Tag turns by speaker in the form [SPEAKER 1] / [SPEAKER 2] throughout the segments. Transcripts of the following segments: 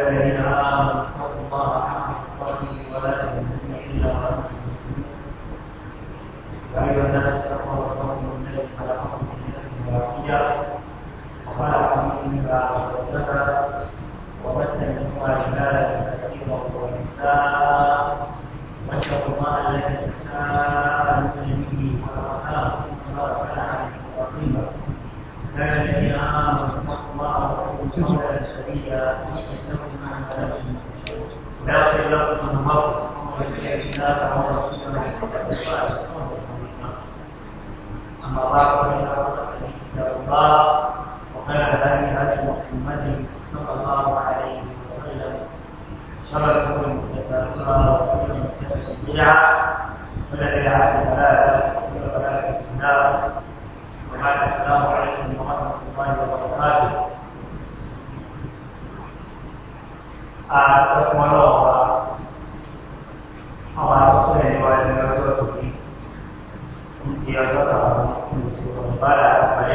[SPEAKER 1] الذين آمنوا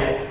[SPEAKER 1] it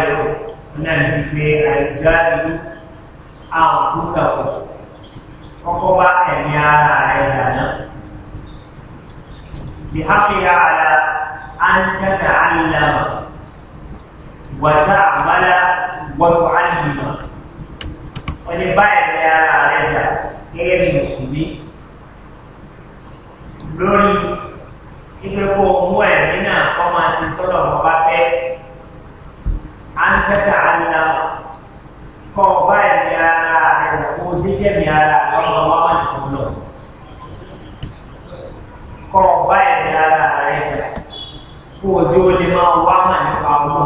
[SPEAKER 1] lérò náà ní pé àìjá ìlú àwọn kúkàkù kọ́kọ́ bá ẹ̀mí ara rẹ̀ dáná. بحقها على أن تتعلم وتعمل وتعلم wani baya da yara ranta ɗaya ne musulmi lórí ipe kó mú ẹ̀ nínú àkọ́mọ àti tọ́lọ̀ تتعلم kọ̀ọ̀bá ẹ̀mí ara rẹ̀ kó dídé mi ara lọ́wọ́ wá wà ní kúlọ̀. kọ̀ọ̀bá ẹ̀mí ara rẹ̀ kó ojú ó lè máa wá mà nípa ọmọ.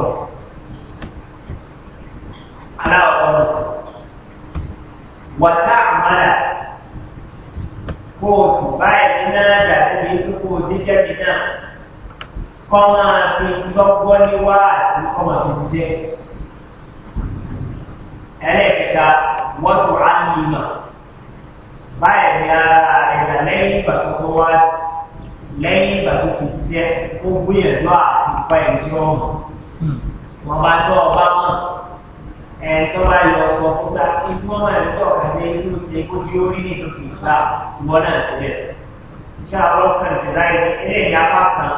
[SPEAKER 1] aláwọ̀ wàtá àmàlà kó ojú bá ẹ̀mí náà dàbí ní kókó dídé mi náà kọ́ máa fi gbọ́gbọ́ ní àti kọ́ máa fi ẹlẹ́ẹ̀kẹta wọ́n tó á ní mà báyìí ni ara ẹ̀dá lẹ́yìn ìgbà tó tó wá lẹ́yìn ìgbà tó fi jẹ́ ó gbìyànjú àti ìpa ẹ̀ tí wọ́n mọ̀ wọ́n bá tọ́ ọba mọ̀ ẹ̀ tó bá yọ sọ fún ta kí wọ́n máa ń tọ́ ọ̀gá dé inú ṣe kó tí ó rí nínú kì í sá ìwọ́n náà tẹ̀lé iṣẹ́ àwọn ti láyé ẹ̀yìn apá kan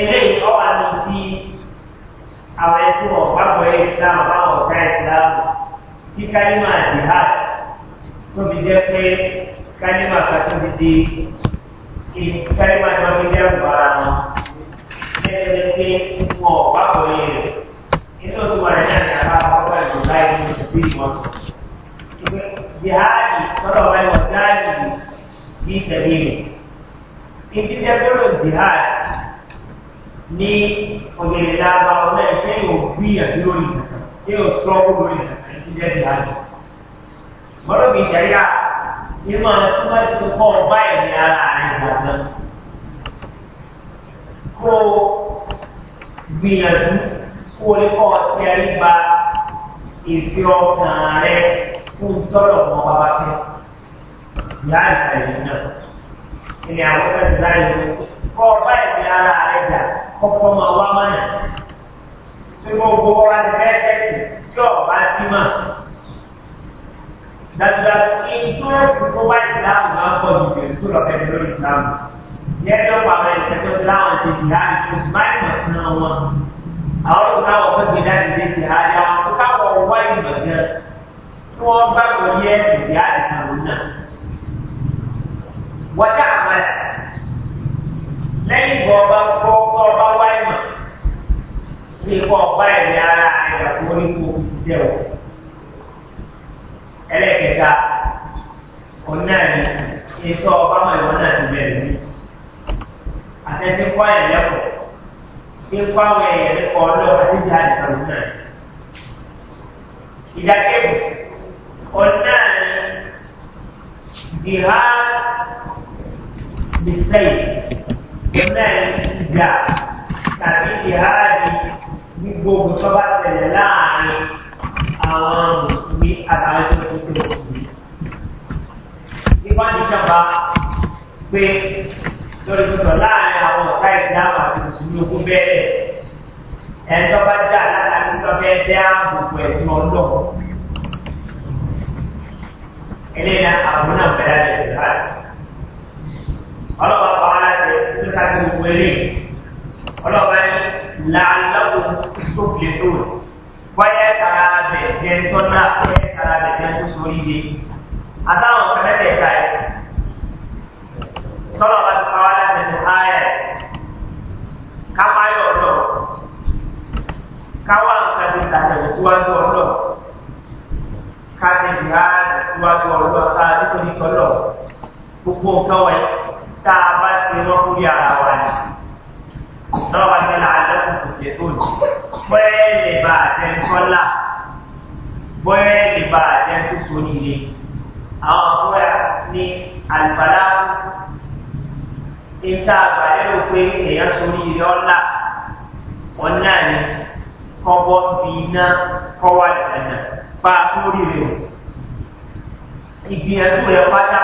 [SPEAKER 1] eléyìí ọ wà ní ti àwọn ẹtí wọn gbàgbọ́ islam báwọn ọ̀tá islam kí kálímà jihad tó fi jẹ́ pé kálímà kàtúndì di kálímà tó fi jẹ́ gbàrà wọn ẹgbẹ́ pé wọn gbàgbọ́ yẹn inú tó wà ní àná àbáwọ̀ ẹ̀dùn láì ní sí wọn. jihad tọ́lọ̀ wáyé wọ́n dáàbò bí tẹ̀lé mi. ìdíjẹ́ jihad ní ọ̀gẹ̀dẹ̀ lába ọ̀nà ẹ̀fẹ́ yóò gbìyànjú lórí ìtàkà yóò sọ́ọ́kù lórí ìtàkà ní jíjẹ́ ti láàjù. mọ́tò kì í ṣàyà nínú àwọn tí wọ́n ti kọ́ ọ báyìí ní ara rẹ̀ ìgbàgbọ́. kó o gbìyànjú kó o lè kọ́ ọ sí ẹrí ba ìfi ọkàn rẹ fún tọ́lọ̀ mọ́ bàbá fẹ́. ìyá ìgbà yìí náà ilé àwọn ọ̀gá ìgbà yìí kọ́kọ́ máa wá máa yàn tí wọ́n gbowó ra ní ẹ́ẹ́dẹ́sì tí ọ̀bá sí máa dàgbà ìtúrọ̀sì tó bá ìsìláàmù máa ń bọ̀ ju ìgbésùn lọ́kẹ́ sí lórí ìsìláàmù yẹ́n ló pa àwọn ìtẹ́jọ́ ìsìláàmù àti ìsìláàmù tó sì máa ń mọ̀ sí náà wọn. àwọn tó káwọ̀ fún ìgbé láti dé sí ààrẹ àwọn tó káwọ̀ wá ìmọ̀ jẹ́ tí wọ́n bá wọ yẹ ìdí àti ìsàlùm náà. wọ́n dá àmàlà lẹ́yìn ìgbọ̀ ọba kọ ní kọ́ ọ̀pá ẹ̀mí ara ìyàtọ̀ oníkó jẹ́ o. ẹlẹ́kẹta ọ̀nà ni ètò ọ̀pá mọ̀ ìwọ́n náà ti bẹ̀rẹ̀ ní. àtẹ̀sí kọ́ ẹ̀ lẹ́kọ̀ọ́ kí kọ́ àwọn ẹ̀yẹ̀ nípa ọlọ́ àti ìjà ìtàlù náà. ìdákẹ́bù ọ̀nà ni jìhá bìsẹ́yì ọ̀nà ni ìjà tàbí jìhá bìsẹ́yì gbogbo ogun tó bá tẹ̀lé láàrin àwọn mùsùlùmí àtàwọn tó ń tó mùsùlùmí. Ìwádìí ìjọba pé lórí tuntun láàrin àwọn ọ̀tá ìsìlámù àti mùsùlùmí ogun bẹ́ẹ̀ ẹ̀ńtọ́ bá dá láti tó bẹ́ẹ̀ dé àbùkù ẹ̀sìn ọlọ́. Eléyìí náà àwọn náà bẹ̀rẹ̀ àti ìsìlámù. Ọlọ́pàá pa ara rẹ̀ tó ta gbogbo eré. Ọlọ́pàá yẹn làálàbò tó fi tó bọ́yá tara bẹ̀ jẹ́ tọ́lá de àtàwọn fẹ́lẹ́ tẹ̀ ká yẹ tọ́lọ̀ bá ti pa wá láti ẹnu ayẹ kápáyọ̀ ọ̀dọ̀ káwá nǹkan ti tàbí síwájú ọ̀dọ̀ káàdì ìhà síwájú ọ̀dọ̀ ká gbogbo nǹkan wọ̀nyí tá a bá ti rọ́kúrí ara wa ni. Tọ́lọ̀ bá ti là ṣe tó jù bọ́ẹ̀ lè bá àtẹnusọ́lá bọ́ẹ̀ lè bá àtẹnusọ́ nílé àwọn àbúrò ní àlùbálá níta àgbàlérò pé èèyàn sórí ilé ọ̀la ọ̀nà ni kọ́bọ́ fi iná kọ́wá ìdáná bá a sórí rẹ̀ ìgbìyànjú rẹ̀ pátá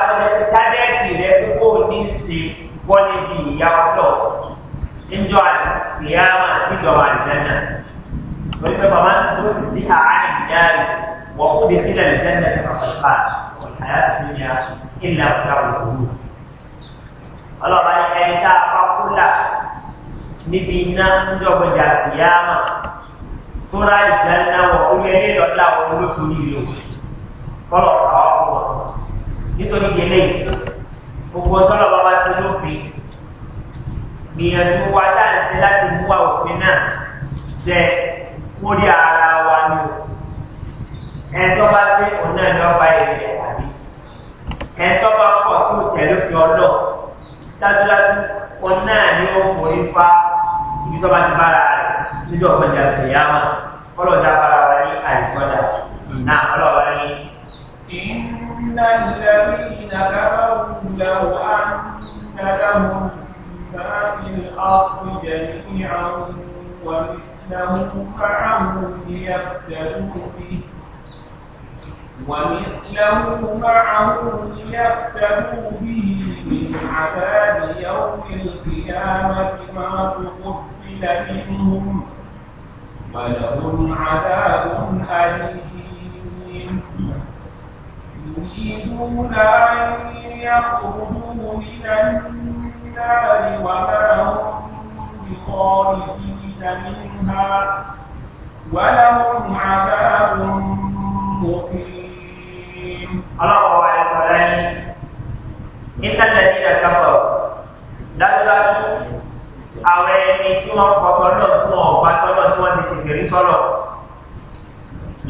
[SPEAKER 1] tábẹ́ẹ̀tì rẹ̀ tó kó o ní ṣe wọ́n níbi ìyá ọlọ́ọ̀ níjọ ìyá máa ti jọba àdìsẹ́nà lórí pé bàbá ń tó sì sí àárín ìyá rẹ̀ wọ́n kó lè sílẹ̀ lẹ́sẹ̀nà ìfọ̀sọ̀fà ọ̀nà àyà ìlà ọ̀gá òwúrò. ọlọ́ba ní ẹni tá a bá kú là níbi iná níjọba ìjà ìyá máa tó rà ìdáná wọ̀ ó yẹ ní ìlọ́lá wọn lóṣù nílò kọ́lọ̀ kàwá fún wọn. nítorí yẹlẹ́yìn gbogbo ọ̀dọ́ gbìyànjú wa dáǹtẹ láti mú wa òfin náà jẹ kórí ara wa ni o ẹtọ́ bá dé òun náà ní ọba ìrìn ẹ̀ tàbí ẹtọ́ bá pọ̀ tí ò tẹ̀lé fi ọlọ́ dájúdájú òun náà ní òkò ifá ibi tó bá ti bára rẹ̀ níbi ọ̀gbọ̀njà ìyáma ọlọ́dà bára wa ní àìsọ́dà náà ọlọ́wà ní. إن الذين كفروا لو أن لهم الكتاب الحق جميعا ومثله معه ليفتدوا به ومثله معه ليفتدوا به من عذاب يوم القيامة ما تقبل منهم ولهم عذاب أليم يريدون أن يخرجوا من النار النار وما هم بخارجين منها ولهم عذاب مقيم الله أعلم إن الذين كفروا dájúdájú àwọn ẹni tí wọn kọtọ náà tí wọn ọba tọlọ tí wọn ti tẹkẹrí sọlọ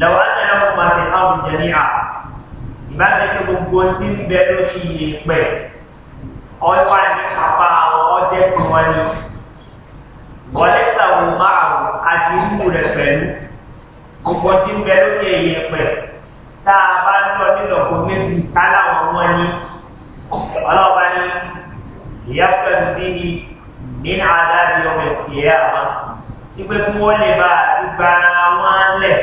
[SPEAKER 1] lọwọ àtẹnà wọn máa fi àwọn jẹrí à ìbáṣepọ gbogbo tí ń bẹ lórí iye pẹ ọlọpàá ní dẹ́kun wọn ni gọ́lẹ́tà wọn márùn àti ìwú rẹ̀ pẹ̀lú gbogbo tí ń bẹ lókè yẹn pẹ̀ tá a bá ń lọ nílò kó méjì káláwọn wọn ni ọlọ́ba ni ìyá pẹ̀lú sí i nínú adájọ́ ọmọ ìyá wọn ipe tí wọ́n lè bá ìgbà wọn lẹ̀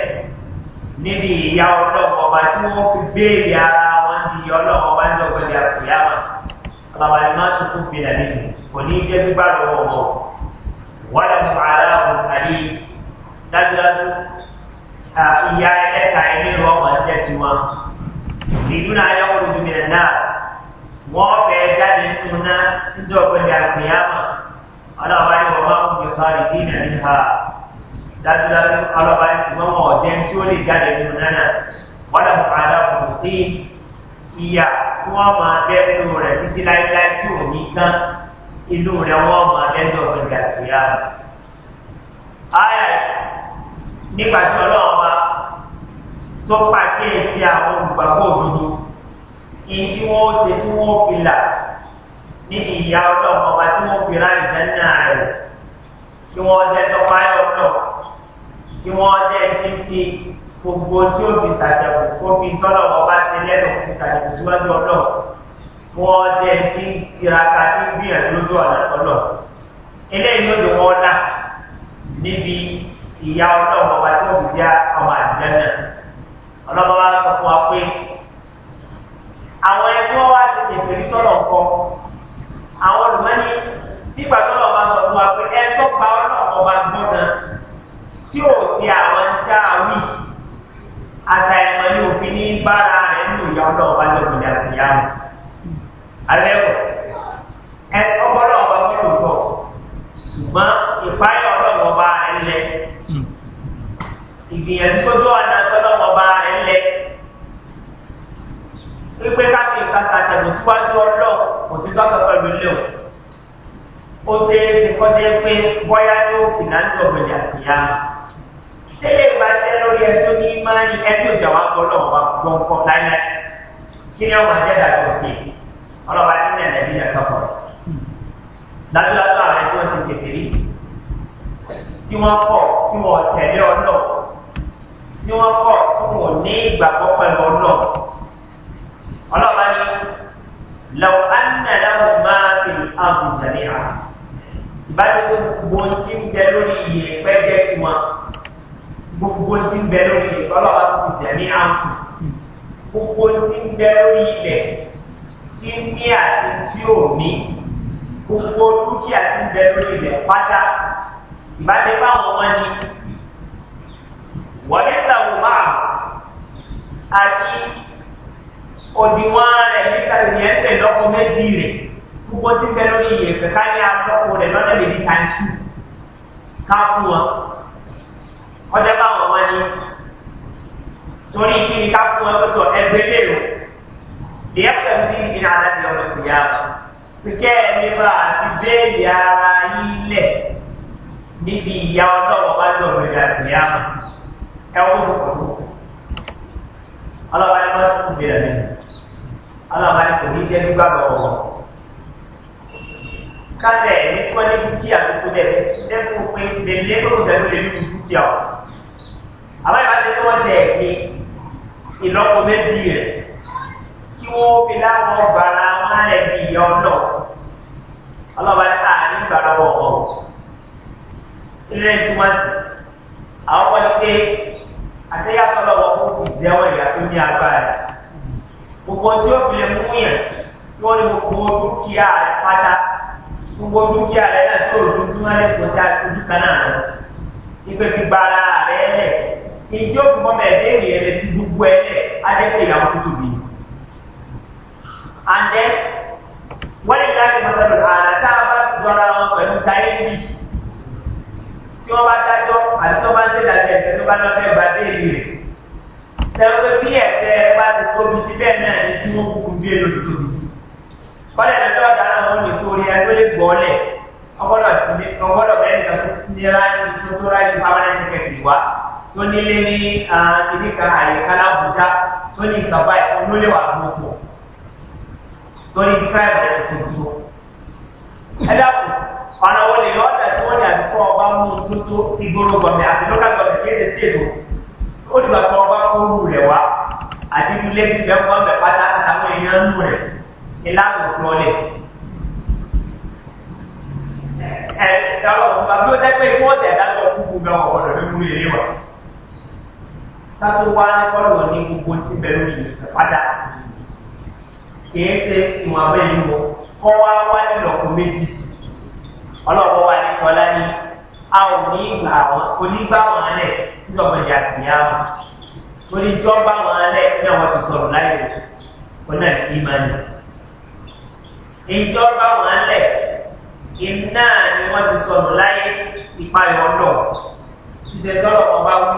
[SPEAKER 1] níbi ìyá ọlọ́mọba tí wọ́n fi béèrè ara wọn di ọlọ́mọba ní ọgbẹ́ni àtìyá wọn bàbá má ti kú bìnà ní kò ní jẹ́ gbígbà lọ́wọ́ wọn wọ́n lè mú aláwọ̀ àdé dájúdájú ìyá ẹ̀ka ilé ọmọ ẹ̀jẹ̀ tí wọn. ìlú náà yẹ kó ju bìnà náà wọ́n fẹ́ jáde nínú náà níjọ́ ọ̀gbẹ́ni àgbéyàmọ̀ ọlọ́ọ̀bá ni wọ́n máa ń gbé sọ́ọ̀rì sí ìnà nípa dájúdájú ọlọ́ọ̀bá ni ṣùgbọ́n wọn ò jẹun tí ó lè jáde nínú náà wọ́n lè mú aláwọ̀ àdé ìyá tí wọ́n máa bẹ́ inú rẹ̀ títí láíláí tí ò ní tán inú rẹ̀ wọ́n máa lẹ́jọ́ gbẹ̀gbẹ̀ àgbéyà. Ayà nípa tí ọlọ́run bá tó pàkíyèsí àwọn olùgbàgbọ́ òdodo kìí tí wọ́n ṣe tí wọ́n fi là níbi ìyá ọlọ́run ọba tí wọ́n fi ráyè dáná rẹ̀ kí wọ́n jẹ́ tọ́pá ẹ̀ ọ̀dọ̀ kí wọ́n jẹ́ títí gbogbo tí ó fi ṣàjẹ̀wò kóbi tọ́lọ̀ ọba ti lẹ́nu fi ṣàjẹ̀wò síwájú ọlọ́ wọ́n jẹ́ kí tiraka tí gbìyànjú lójú ọ̀nà ọlọ́ eléyìí ló dùn wọ́n dà níbi ìyá ọlọ́run ọba tí ó fi já ọmọ àdìjẹ́ náà ọlọ́ba wa sọ fún wa pé àwọn ẹgbẹ́ wa ti tètè rí sọ́nà kọ́ àwọn olùmọ́ni nígbà tọ́lọ̀ ọba sọ fún wa pé ẹ tó pa ọlọ́run ọba gbọ́n tí ò sí àwọn ń dá wípé káàkiri kàtà àtẹ̀bù síwájú ọlọ́ kò sí tọ́sọ̀ pẹ̀lú ilé o ó ṣe é ṣe kọ́ sí pé bọ́yá ní òfin náà ní ọ̀gbẹ̀dẹ̀ àtìyá tẹ́lẹ̀ ìgbà tẹ́ lórí ẹtú ní máa ní ẹtú ìjà wa gbọ́ náà wà gbọ́ ńkọ́ láíláí kí ni ọmọ àjẹ́dà tó ṣe ọlọ́wà ní nàìjíríà kọ́kọ́ dájúdájú àwọn ẹtú ti kékeré tí wọ́n kọ̀ tí wọ́n tẹ̀lé ọlọ́ tí wọ́n kọ̀ tí wọ́n لو أن له ما في الأرض جميعا báyìí gbogbo tí ń bẹ lórí iye pẹ́jẹ́ tí wọn gbogbo tí ń bẹ lórí iye ọlọ́wọ́ ti tẹ̀mí àǹkù gbogbo tí ń bẹ lórí ilẹ̀ tí ń ní àti tí ò ní gbogbo dúkìá tí ń bẹ lórí ilẹ̀ pátá ìbáde báwọn ọmọ ni wọlé sàwọn máa àti
[SPEAKER 2] òdiwọ̀n rẹ̀ níta ìyẹn ń tẹ̀ lọ́kọ méjì
[SPEAKER 1] rẹ̀ púpọ̀ tí bẹ́ẹ̀ lórí ìyẹ̀fẹ̀ ká ní asọ́kọ rẹ̀ lọ́nà lè di kàńtù ká fún wọn. ọjọ́ báwọn wọn ni torí kí ni ká fún wọn tó sọ ẹgbẹ́ lè lò ìyẹ́fẹ̀ ń bí ìdíná aláàbí ọmọ ìyá wọn. pípẹ́ ẹni bá àti béèlì ara yín lẹ̀ níbi ìyá ọlọ́wọ́ bá lọ́wọ́ ìyá wọn. ẹ wọ́n sọ̀rọ̀ ọlọ́wọ́ ọlọ́ọ̀bá ni kò ní jẹ́ nígbà lọ́wọ́ wọn. kálẹ̀ ní kí wọ́n ní dúkìá tó kú dẹ̀ lẹ́kùn pé lèlé gbọ́dọ̀ dẹ̀ ló lè ní dúkìá o. àbáyé bá ṣe kí wọ́n dẹ̀ ní ìlọ́po méjì rẹ̀ kí wọ́n fi láwọn bàrà wọn rẹ̀ bí ìyá ọlọ́
[SPEAKER 2] ọlọ́ọ̀bá ni àárín ìgbà
[SPEAKER 1] lọ́wọ́ wọn ilé ìtumọ̀ àwọn ọmọdé àtẹ́yàtọ̀ lọ́wọ́ fún ìjẹ́wọ́ ìyá tó ní agbára gbogbo tí ó fi lè mú yẹn tí wọ́n ní gbogbo dúkìá rẹ̀ pátá gbogbo dúkìá rẹ̀ náà tí òòlù tí wọ́n lè kọjá ojú kan náà lọ. ìpè fi gbara rẹ̀ lẹ̀ ìjọ gbogbo mẹ́ẹ̀ẹ́dẹ́ ènìyàn lè fi gbogbo ẹ lẹ̀ adẹ́kẹ́ ìyàwó tuntun bì. àǹdẹ́ wọ́n lè dá ìmọ̀ sọ̀rọ̀ ààrẹ tá a bá jọra wọn pẹ̀lú táyé níbi tí wọ́n bá dájọ́ àti tó bá ń tẹ̀lé àti ẹ̀sẹ̀ tó bá Tẹ̀wé bí ẹ̀sẹ̀ ẹ bá ti tóbi sí bẹ́ẹ̀ náà ni tí wọ́n kúkú bí èlò ti tóbi sí. Kọ́lẹ̀ ní ọjọ́ ọ̀dà náà wọ́n lè fi orí ẹgbẹ́ lè gbọ́ lẹ̀. Ọgbọ́dọ̀ ti ọgbọ́dọ̀ bẹ́ẹ̀ ní ìtàn tó ní ráyè tó tó ráyè pàmẹ́lẹ́ ní kẹ̀kẹ́ wá. Tó nílé ní ibi kan àyíká lábùjá tó ní ìkàbá ìfúnnúlé wà gbogbo. Tó ní kíkáyà rẹ̀ ti tó. Ẹ dákun, ọ̀nà wo lè lọ́ọ̀dà tí wọ́n ní àbíkọ́ ọba mú tó tó ìgboro gọ̀mẹ̀ àti lókà gọ̀mẹ̀ kéde sí èdò ó ti gbà tó ọba kóru rẹ̀ wá àti ilé ti bẹ́ẹ̀ kọ́ bẹ̀ pátá àtàwọn èèyàn ń rẹ̀ ilá òkú ọlẹ̀. ẹ dáwọ ọba tó dẹ́gbẹ́ ikú ọ̀tẹ̀ dájọ́ kúkú bẹ́ẹ̀ wọ̀ ọ̀dọ̀ nínú ilé wa. sátó wá ní kọ́lọ̀ ní gbogbo ti bẹ̀rù ìlẹ̀ pátá kìí ṣe ìwọ̀n abẹ́yẹ̀wò kọ́ wá wá nílọ̀kùn méjì ọlọ́wọ́ wá ní kọ́lá ní a ò ní gbà wọn onígbà wọn lẹ nígbà wọn yà sí yà wọn oníjọba wọn lẹ náà wọn ti sọrọ láyé wọn náà ní ìmánì ìjọba wọn lẹ iná ni wọn ti sọrọ láyé ìpayọ ọdọ ṣíṣe tọrọ wọn bá wú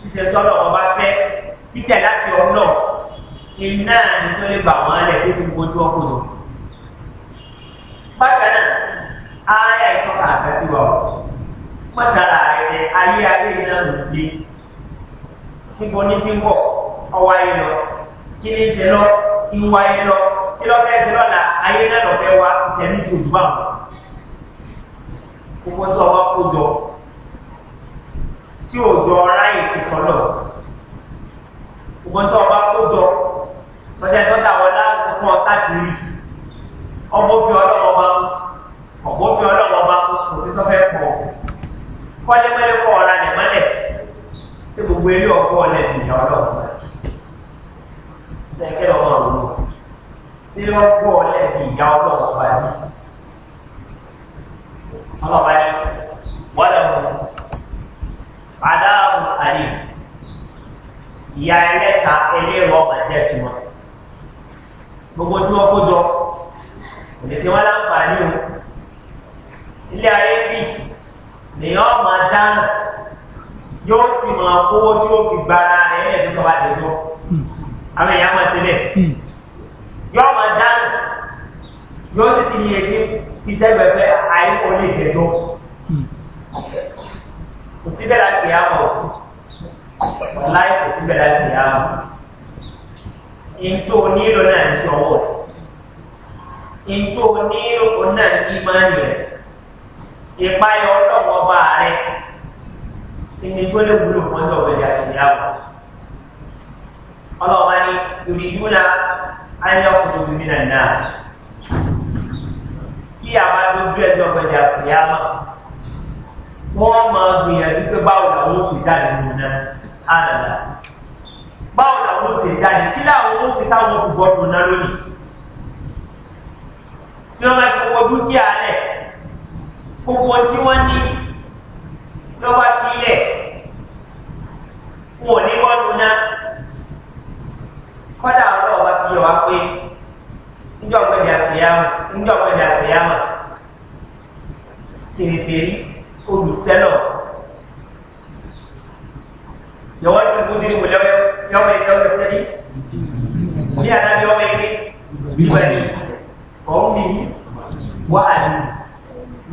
[SPEAKER 1] ṣíṣe tọrọ wọn bá fẹ títẹ láti ọdọ iná ni tó lè bà wọn lẹ tó ti gbójú ọkùnrin bákan náà ayé ìtọ́ka àgbẹ̀síwọ̀ mọ́tàlá rẹ̀ ayé ayé iná lòdì níbo ní ti ń bọ̀ ọwọ́ ayé lọ kí ni ń tẹ lọ ìwọ ayé lọ kí lọ fẹ́ ti lọ́la ayé náà lọ fẹ́ wá ìtẹ̀lẹ́ ìṣòjú bá wọn. gbogbo sọ wọn kó jọ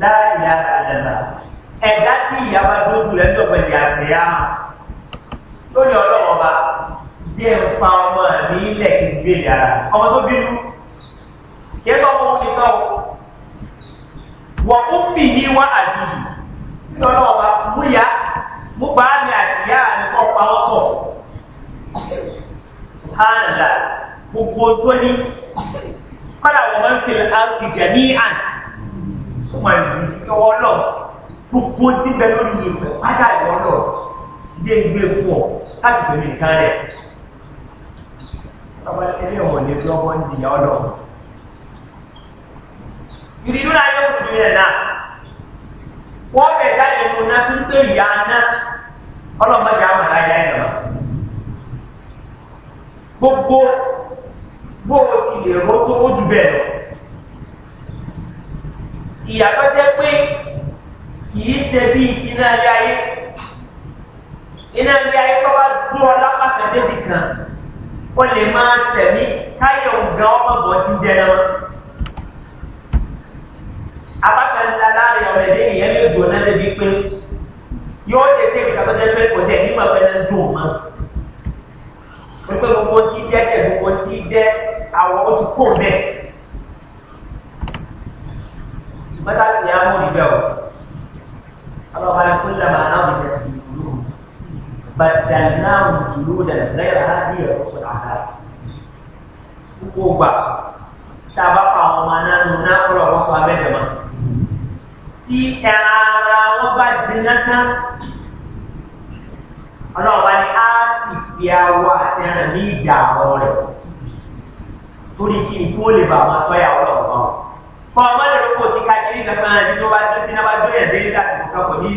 [SPEAKER 1] láàyè àtàlẹ́là ẹ̀dá tí ìyàwó àdókù rẹ̀ dọ̀gbẹ̀ ní àṣeyá lórí ọlọ́wọ́ bá jẹ́ nfa ọmọ mi ilẹ̀ kí n gbé yàrá ọmọ tó bínú kí ẹ bá wọn fi tọ́ wọ́n kún bì ní wá àdìyí lórí ọlọ́wọ́ bá mú ya mú bá mi àṣeyá nípa ọ̀pá ọkọ̀ hàn là gbogbo tó ní kọ́dà wọ́n máa ń fi àrùn àná súnmọ́ ìlú sí ọwọ́ lọ gbogbo tí bẹ lórí ìgbẹ́ pátá ìwọ́ lọ ilé ìgbé fún ọ láti pèmí nǹkan rẹ̀ ọba ilé wọn ní bí ọkọ ń jìyà ọ lọ. ìrìnnú náà yẹ kùtù yẹn náà wọ́n bẹ̀ jáde mu náà tó ń pè yà á ná ọlọ́mọdé àwọn aláya ẹ̀ lọ. gbogbo bó o ti lè rọ́ tó o jù bẹ́ẹ̀ lọ ìyàtọ̀ jẹ́ pé kìí ṣe bí iná ilé ayé iná ilé ayé tó bá dún ọ lápàtà débi kan ó lè máa tẹ̀mí táyà ògá ọmọ bọ̀ sí jẹrẹ wọn. abáta ńlá láàrin ọ̀rẹ́ dé ìyẹn lè dùn náà débi pé yóò lè dé ìjàpá jẹ́ pé kò tẹ̀ nígbà pẹ́ náà dùn mọ́. wípé gbogbo tí jẹ́ tẹ̀ gbogbo tí jẹ́ àwọn ó ti bẹ́ẹ̀ ṣùgbọ́n láti ní àwọn òbí bẹ́ẹ̀ o ọlọ́ba ní kó lẹ́mọ̀ aláwọ̀ ìjẹ́ sí ìlú bàtàláwù ìlú dàgbẹ́rẹ́ àti ẹ̀rọ sọ̀rọ̀ àdá gbogbo gbà tá a bá pa àwọn ọmọ náà nù náà kúrò wọ́n sọ abẹ́rẹ́ mọ́ tí ara wọn bá dínà tán ọlọ́ọ̀bá ni á sì fi awọ àti ẹran ní ìjà àwọn rẹ̀ torí kí n kó lè bá wọn sọ́yà ọlọ́ọ̀ kọ́ ọ mọ́lẹ̀ o kò sí káàkiri kankan àti tó bá tó síná bá tó yẹ̀ dé nígbà tó kọ́ kò ní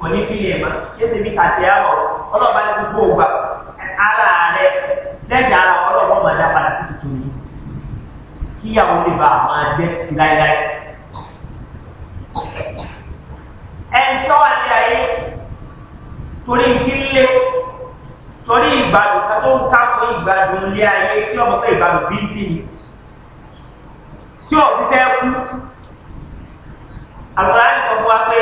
[SPEAKER 1] kò ní kí yẹn mọ́ kéde bí kàtí àwọ̀ ọlọ́ọ̀bá ní gbogbo ògbà ara rẹ lẹ́sẹ̀ ara ọlọ́ọ̀bá máa dá padà sí tuntun yìí kíyàwó lè bá a máa jẹ́ láéláé. ẹ̀ńtọ́ àti ayé torí kílé torí ìgbàdùn kan tó ń ká fún ìgbàdùn ilé ayé tí ọmọ fẹ́ ìgbàdùn bíi tí o ti fẹ́ kú àgbàlá sọ fún wa pé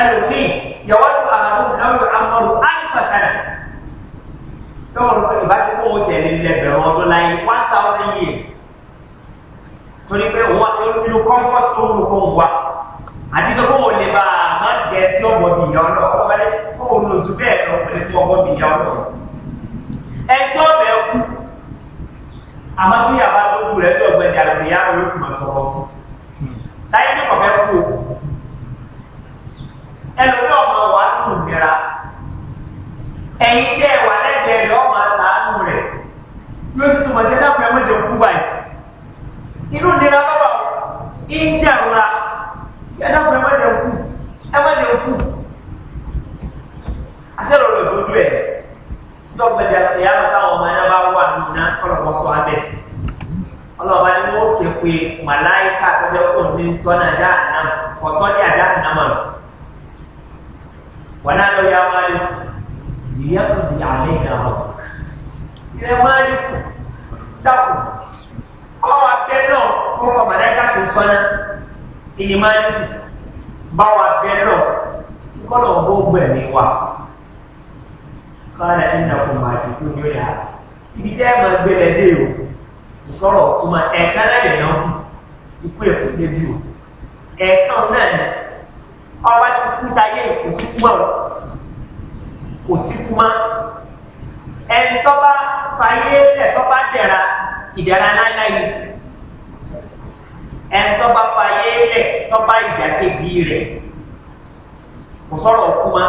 [SPEAKER 1] ẹlòmíì yàwó tó àgbàdo náwó amọ̀rò alifasana tọ́wọ́n lọ ìbá tí kò ń tẹ̀lé lẹ́gbẹ̀rún ọdún láyé one thousand years torí pé òun àti olùdílù comfort zone kò wá àti pé kóun lè bá a má jẹ tí ọgbọ̀n mi yà ọ́ lọ kó wọlé kóun lò ju bẹ́ẹ̀ lọ pẹ̀lú tí ọgbọ̀n mi yà ọ́ àmọ́ tí yàrá tó kù rẹ̀ tó ọ̀gbẹ́ni àgbẹ̀yà rẹ̀ kù mọ̀ tọ̀rọ̀ fún. láyé ní kọ̀fẹ́ kú o ẹlòmí ọmọ wa nù nira ẹ̀yin tẹ́ wà lẹ́gbẹ̀ẹ́ rẹ̀ ọmọ àtàánù rẹ̀ yóò ti tún mọ̀tẹ́ náà fún ẹ̀mọ́ ìjọ kú báyìí. inú nira bá wà ìjà rura ẹ̀dá fún ẹ̀mọ́ ìjọ kú ẹ̀mọ́ ìjọ kú. àtẹ̀rọ̀ rẹ̀ lójú ẹ̀ lọ́gbẹ̀dẹ̀ àti ìyá àtàwọn ọmọ ẹ̀ bá wà nù náà kọ́ sọ̀rọ̀ bá ní wọ́n ké pe màláìka tọ́jọ́ kò ní sọ́nà dáhànà kọ̀sọ́jà dáhànà mọ̀. wọn náà lọ yá máa ní ìyá kò di àlẹ́ ìdáwọ̀. ilẹ̀ máa ní dàpọ̀ kọ́ wa náà kó kọ́ màláìka tó sọ́nà ìyẹn máa ní bá wa bẹ́ náà kọ́ lọ́wọ́ bó gbẹ̀mí wa. kọ́lá ẹ̀ ń dàpọ̀ màá tuntun yóò yá ibi tẹ́ ẹ gbé ẹ dé o ìsọ̀rọ̀ ọ̀túnmá ẹ̀ka lẹ́yìn náà kù ikú èkó débi o ẹ̀ka náà ni ọba ti kú sáyé kò sí kú mọ́ kò sí kú mọ́ ẹ̀ńtọ́ba fàyé ẹ̀tọ́ba jẹ̀ra ìdára náírà yìí ẹ̀ńtọ́ba fàyé ẹ̀tọ́ba ìdàkejì rẹ̀ kò sọ̀rọ̀ ọ̀túnmá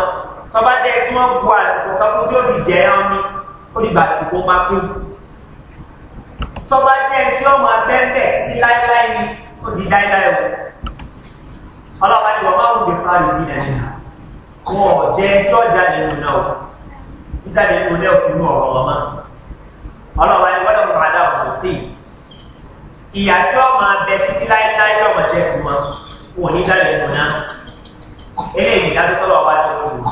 [SPEAKER 1] tọ́ba dẹ́ tí wọ́n bu àsìkò kan fún tí ó di jẹ́ ọ́ ní ó di gbàsìkò máa pín tọ́ba jẹ́ tí ọmọ abẹ́ńbẹ́ sí láíláí ni ó sì dáíláí o. ọlọ́ba ni wọ́n bá wù mí fáwọn ìdí nàìjíríà kọ́ ọ jẹ́ tí ọjà nínú náà o níta nínú náà fi mú ọ̀rọ̀ ọmọ. ọlọ́ba ni wọ́n lọ́kùnrin àdá ọ̀rọ̀ sí i. ìyá tí ọmọ abẹ títí láíláí ọmọ jẹ́ fún wọn wò ní ìdá nínú náà. eléyìí ìdájọ́ tọ́lọ̀ ọba ti wọ́n wò.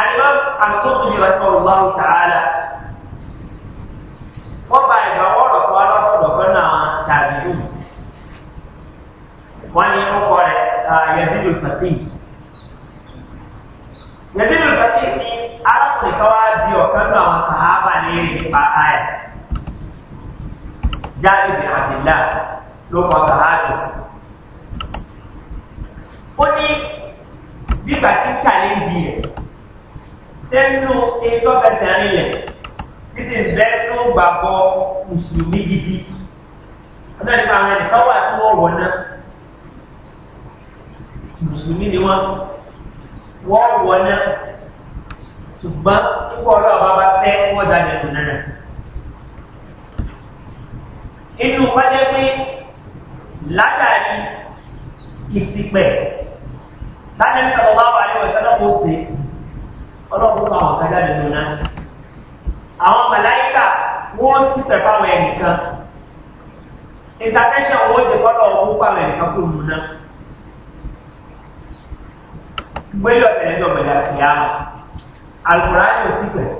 [SPEAKER 1] àdìmọ́ àtúntò wọ́n ní ó kọ́ rẹ̀ yazidu fati yazidu fati ní arákùnrin kan wá di ọ̀kan nínú àwọn sàhábà ní ìpa ayà jáde bí abdullah ló kọ́ sàhábà ó ní bíbà tí challenge yẹ sẹ́nu ìtọ́fẹsẹ̀ rinlẹ̀ títí bẹ́ẹ̀nu gbàgbọ́ mùsùlùmí gidi ọ̀nà ìfàwọn ẹ̀ka wà tí wọ́n wọ̀ náà mùsùlùmí ni wọ́n wọ́n wọ̀ náà ṣùgbọ́n nípa ọlọ́run bá bá tẹ́ wọ́n jáde ẹ̀kọ́ náà. inú wájẹ́ pé látàrí ìsìpẹ̀ láti ní sọ̀rọ̀ wáwà ní ọ̀sẹ̀ náà kò sí ọlọ́run máa wọ̀ kájà nínú náà. àwọn màláìkà wọ́n ti pẹ̀ fáwọn ẹnìkan. ìtàkẹ́sọ̀ wọ́n ti kọ́ lọ́wọ́ fún fáwọn ẹnìkan kúrò nù náà. Vuelve a tener novedad, se llama. Al-Qur'an yóò sì pẹ̀lẹ́.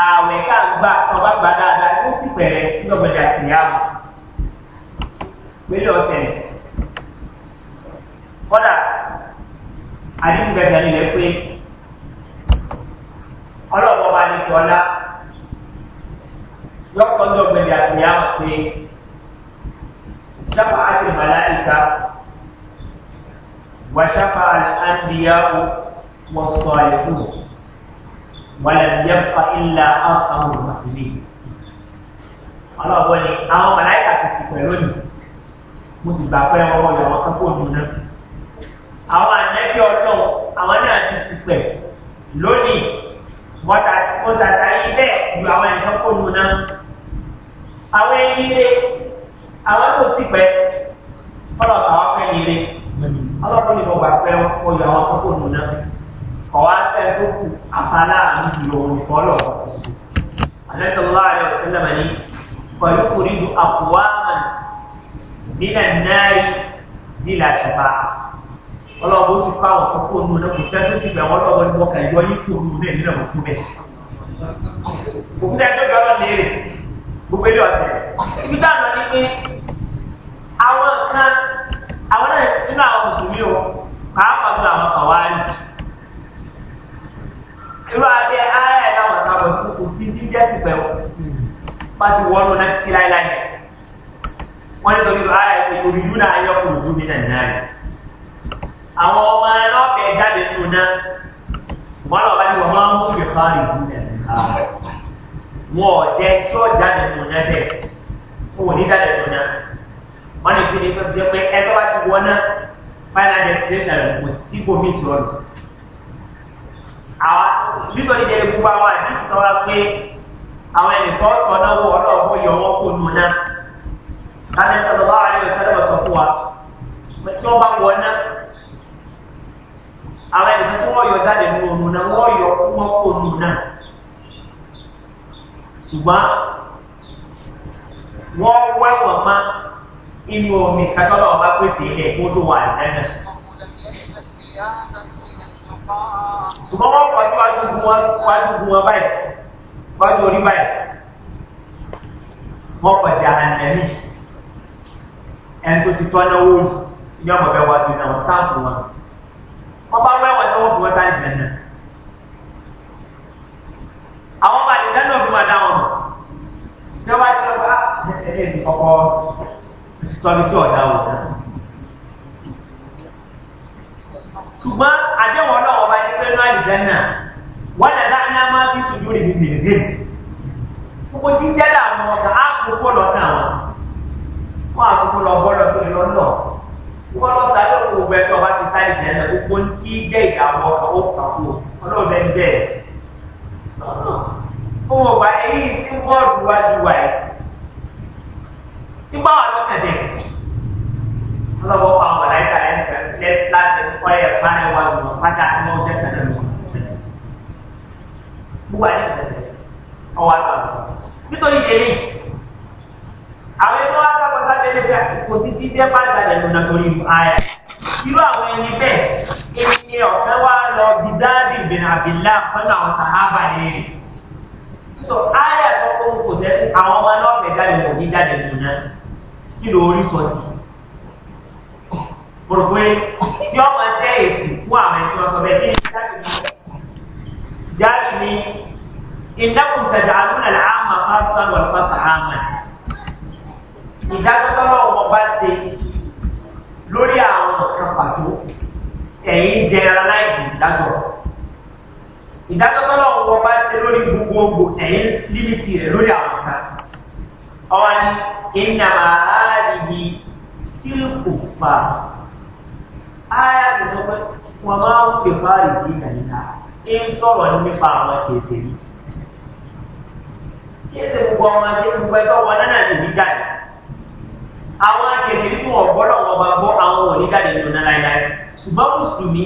[SPEAKER 1] Ààwẹ̀ ká a ọba gbà dáadáa yóò sì pẹ̀lẹ́ novedad se llama. Vuelve a tener. Kọ́dà, àdéhùn gbẹ̀gbẹ̀ ni lè pé ọlọ́ọ̀bọ̀ bá ní sọ́lá yọ̀kọ́ novedad se llama pé dábàá àti màláìka. وشفع الأنبياء والصالحون ولم يبق إلا أرحم الراحمين ọlọ́wọ́ bọ́ ni àwọn mọ̀láìkà ti ti pẹ̀lú ni mo sì gbà pé ọwọ́ rẹ̀ wọ́n kápò mi náà àwọn ànẹ́bí ọlọ́run àwọn náà ti ti pẹ̀ lónìí wọ́n tàtà yí bẹ́ẹ̀ ju àwọn ẹ̀ṣọ́ kò nù náà àwọn ẹ̀yìn ilé àwọn tó ti pẹ̀ ọlọ́pàá wọn fẹ́ ilé ọlọ́run ní ọgbà pẹ́ oyè àwọn akókò nùnà ọ̀wá pẹ́ tó kù àfàlà àmì ìlòrò ìfọ́lọ̀ àlẹ́sọ̀lá rẹ̀ ọ̀sẹ̀lẹ̀mẹ̀ ní pẹ̀lú kòrídù àkùwámẹ̀ nílẹ̀ náírì nílẹ̀ àṣẹ̀bá ọlọ́run ó sì fà wọ́n tó kù nùnà kò fẹ́ tó ti bẹ̀ lọ́wọ́ ní wọ́n kà yọ yípo nùnà nílẹ̀ wọ́n bẹ́ẹ̀ òkúta ẹgbẹ́ gbọ́dọ̀ léèrè gbogbo ilé ọ̀sẹ̀ ibi táwọn ní pé àwọn kan àwọn náà nínú àwọn mùsùlùmí o pàápàá nínú àwọn kàwáàlì. irú adé ayé ẹ̀ láwọn àtàwọn ẹ̀kọ́ kò sí jíjẹ́ sí pẹ̀lú bá ti wọ́n lọ́nà títí láéláé. wọ́n ní lórí ayé ẹ̀ pé orí yúnà ayé ọkùnrin ojú mi nàìjíríà rẹ̀. àwọn ọmọ ẹ̀ náà fẹ́ jáde nínú náà wọ́n lọ́ọ́ bá ní wọ́n máa ń mú ìfáàrí ìlú
[SPEAKER 2] nàìjíríà
[SPEAKER 1] wọn ò jẹ tí jáde nù náà bẹ wọn ní jáde nù náà wọn ní kí ni pé pé ẹgbẹ́ wa ti wọ náà final destination rẹ̀ kò sí bomi tí ọ̀nà. àwọn nítorí jẹ́ ikú bá wà ní sọ wá pé àwọn ẹnìkan ọ̀tọ̀ náà wọ ọlọ́ọ̀bọ yọ wọ́n kò nù náà. láti sọ̀rọ̀ bá wà nínú ìṣẹ́lẹ̀ sọ fún wa tí wọ́n bá wọ náà àwọn ẹnìkan tí wọ́n yọ jáde nù ònù náà wọ́n yọ wọ́n kò nù náà. ṣùgbọ́n wọ́n wẹ́wọ̀n máa irú omi kátọ́lọ̀ ọba pèsè ilẹ̀ kó tó wà lẹ́nà. ṣùgbọ́n wọ́n kọ́ sí wájú gun wọn báyìí wájú orí báyìí wọ́n kọ̀ sí àlàyé ẹni tó ti tọ́ náwó ní ọmọ bẹ́ẹ̀ wájú náà wọ́n sáàpù wọn. wọ́n bá wẹ́wọ̀n tí wọ́n fi wọ́n sáré jẹ̀ náà. àwọn ọmọ àdìsẹ́ náà fi máa dá wọn mọ̀. ìjọba ti lọ bá ah, ẹ̀ẹ́dì kọ̀kọ́ sọ́ni tí ọ̀dà wò. ṣùgbọ́n àdéhùn ọlọ́wọ́ bá yẹ pé náà ìdáná wọ́n lè dá iná máa fi sùn lórí ibi nìyẹn. gbogbo jíjẹ́ làwọn ọ̀gá á kó kó lọ sí àwọn. wọ́n á sọ fún lọ bọ́lọ̀ tó lọ lọ. wọ́n lọ sá ló kó gbẹ tó bá ti sá ìjẹ́ náà gbogbo ń tí jẹ́ ìdààmú ọkàn ó kà kó ọlọ́ọ̀bẹ ń bẹ̀. fún ọgbà èyí tí lọ́wọ́ pa àwọn mọ̀láyíkà ẹ̀ ń fẹ́ láti kọ́ ẹ̀ máa ń wá lọ pátá tí wọ́n jẹ́ sẹ́lẹ̀ lọ. Búwa ní ìfẹ̀sẹ̀ ọwọ́ àgbà lọ. Nítorí ìdèlè, àwọn ẹgbẹ́ wa sábà sábẹ́ lé fẹ́ kò sí ti jẹ́ pátá lẹ́nu náà torí ààyè. Irú àwọn ẹni bẹ́ẹ̀, èmi ọ̀fẹ́ wa lọ bí Záàdì bin Abdulá fún àwọn sàhábà ní rẹ̀. Sọ ààyè àtọ́kùn kò tẹ́ àwọn ọmọ náà fẹ́ jáde kò ní jáde lónà. Kí ló orí sọ sí? gbogbo yọ ọmọ jẹ èsì fún àwọn ẹni tí wọn sọ bẹẹ ní jáde ní jáde ní ìdákùn tẹ̀sán àdúrà làámà fásitì wà fásitì àmà ìdájọ́ tọ́lọ́ wọn bá ṣe lórí àwọn nǹkan pàtó ẹ̀yìn jẹra láì bù ìdájọ́ ìdájọ́ tọ́lọ́ wọn bá ṣe lórí gbogbogbò ẹ̀yìn límìtì rẹ̀ lórí àwọn nǹkan ọ̀hún ìnàmà àdìyí sílùkù pàtó áyà ti sọ pé wọ́n máa ń fi fáàrí sí ìkànnìta ń sọ̀rọ̀ nípa àwọn kèsè yìí. Kéèsè gbogbo ọmọ ajé gbogbo ẹgbẹ́ wọn náà ti ní jáde. Àwọn kèsè tí wọ́n gbọ́dọ̀ wọn bá bọ́ àwọn oníjáde nínú náà láíláí. Ṣùgbọ́n Mùsùlùmí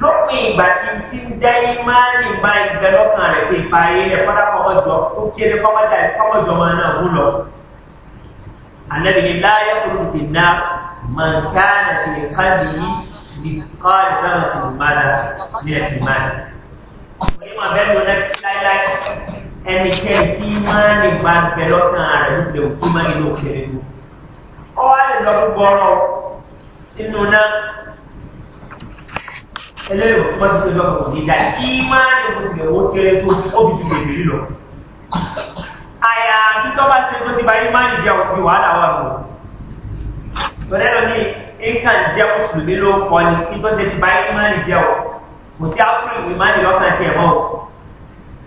[SPEAKER 1] lópin ìgbà tí ti ń jẹ́ ìmáàlì bá ìgbẹ́ lọ́kàn rẹ̀ pé ìparí rẹ̀ fọ́dá kọ́mọ́jọ ó kéré kọ́mọ́jọ máa náà wú lọ. Àlẹ́ من كان في قلبه مثقال ذرة ماذا من الإيمان onímọ̀ bẹ́ẹ̀ ló lẹ́tí láíláí ẹnikẹ́ni tí máa ń gba bẹ̀lọ́kàn rẹ̀ nítorí òkú máa ń lò kéré tó. ọ wá lè lọ gbogbo ọrọ nínú náà eléyìí òkú máa ń tó lọkọ̀ kò ní dá tí máa ń lò kéré owó kéré tó ó fi ju bèbè lọ. àyà àti tọ́ba ṣe tó ti bá yín máa tọ́lẹ́ lọ ní nǹkan jẹ́ mùsùlùmí ló ń kọ́ ni nítorí ti bá ìmánì jẹ́ o kò sí áfúrì ìmánì lọ́kàn tiẹ̀ mọ́ o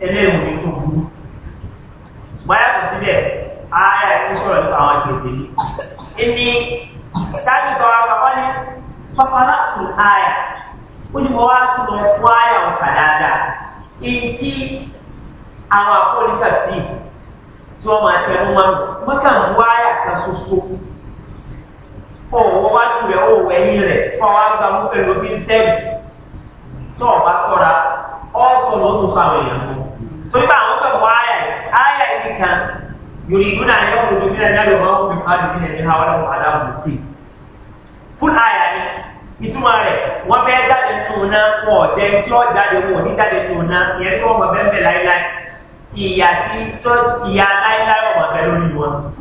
[SPEAKER 1] eléyìí mi tó burú. wáyà kò síbẹ̀ ayé ẹ̀kú sọ̀rọ̀ nípa àwọn àgbègbè yìí. ìní táyì bá wa bàbá ní pápára kù ayà ó ní mo wá tún lọ fún ayà ọ̀kà dáadáa. ìtì àwọn àpò oníkàsí tí wọ́n máa tẹnu máa ń mọ́kàn wáyà kan ṣoṣo ọ̀wọ́ wá ti rẹ̀ ó wẹ̀ ní rẹ̀ fún àwọn agbamú pẹ̀lú bí ń tẹ́lù tó ọba sọ́ra ọ̀sọ̀ ló tún fa àwọn èèyàn fún. torí bá àwọn pẹ̀lú àyà yìí àyà yìí kan yorì ìlú náà yọ ọ̀rọ̀ lóbi náà yálò máa ń fi máa dùn nílẹ̀ ní àwọn ọmọ adáàbò sí. fún àyà yìí ìtumọ̀ rẹ̀ wọ́n fẹ́ jáde nínú náà wọ́n ọ̀jẹ́ tí ó jáde wọn ò ní jáde nínú náà ìyẹn tí wọ́n bẹ́ẹ̀ bẹ́ẹ̀ láíláí ìyà tí ìyà láíláí ọ̀mọ̀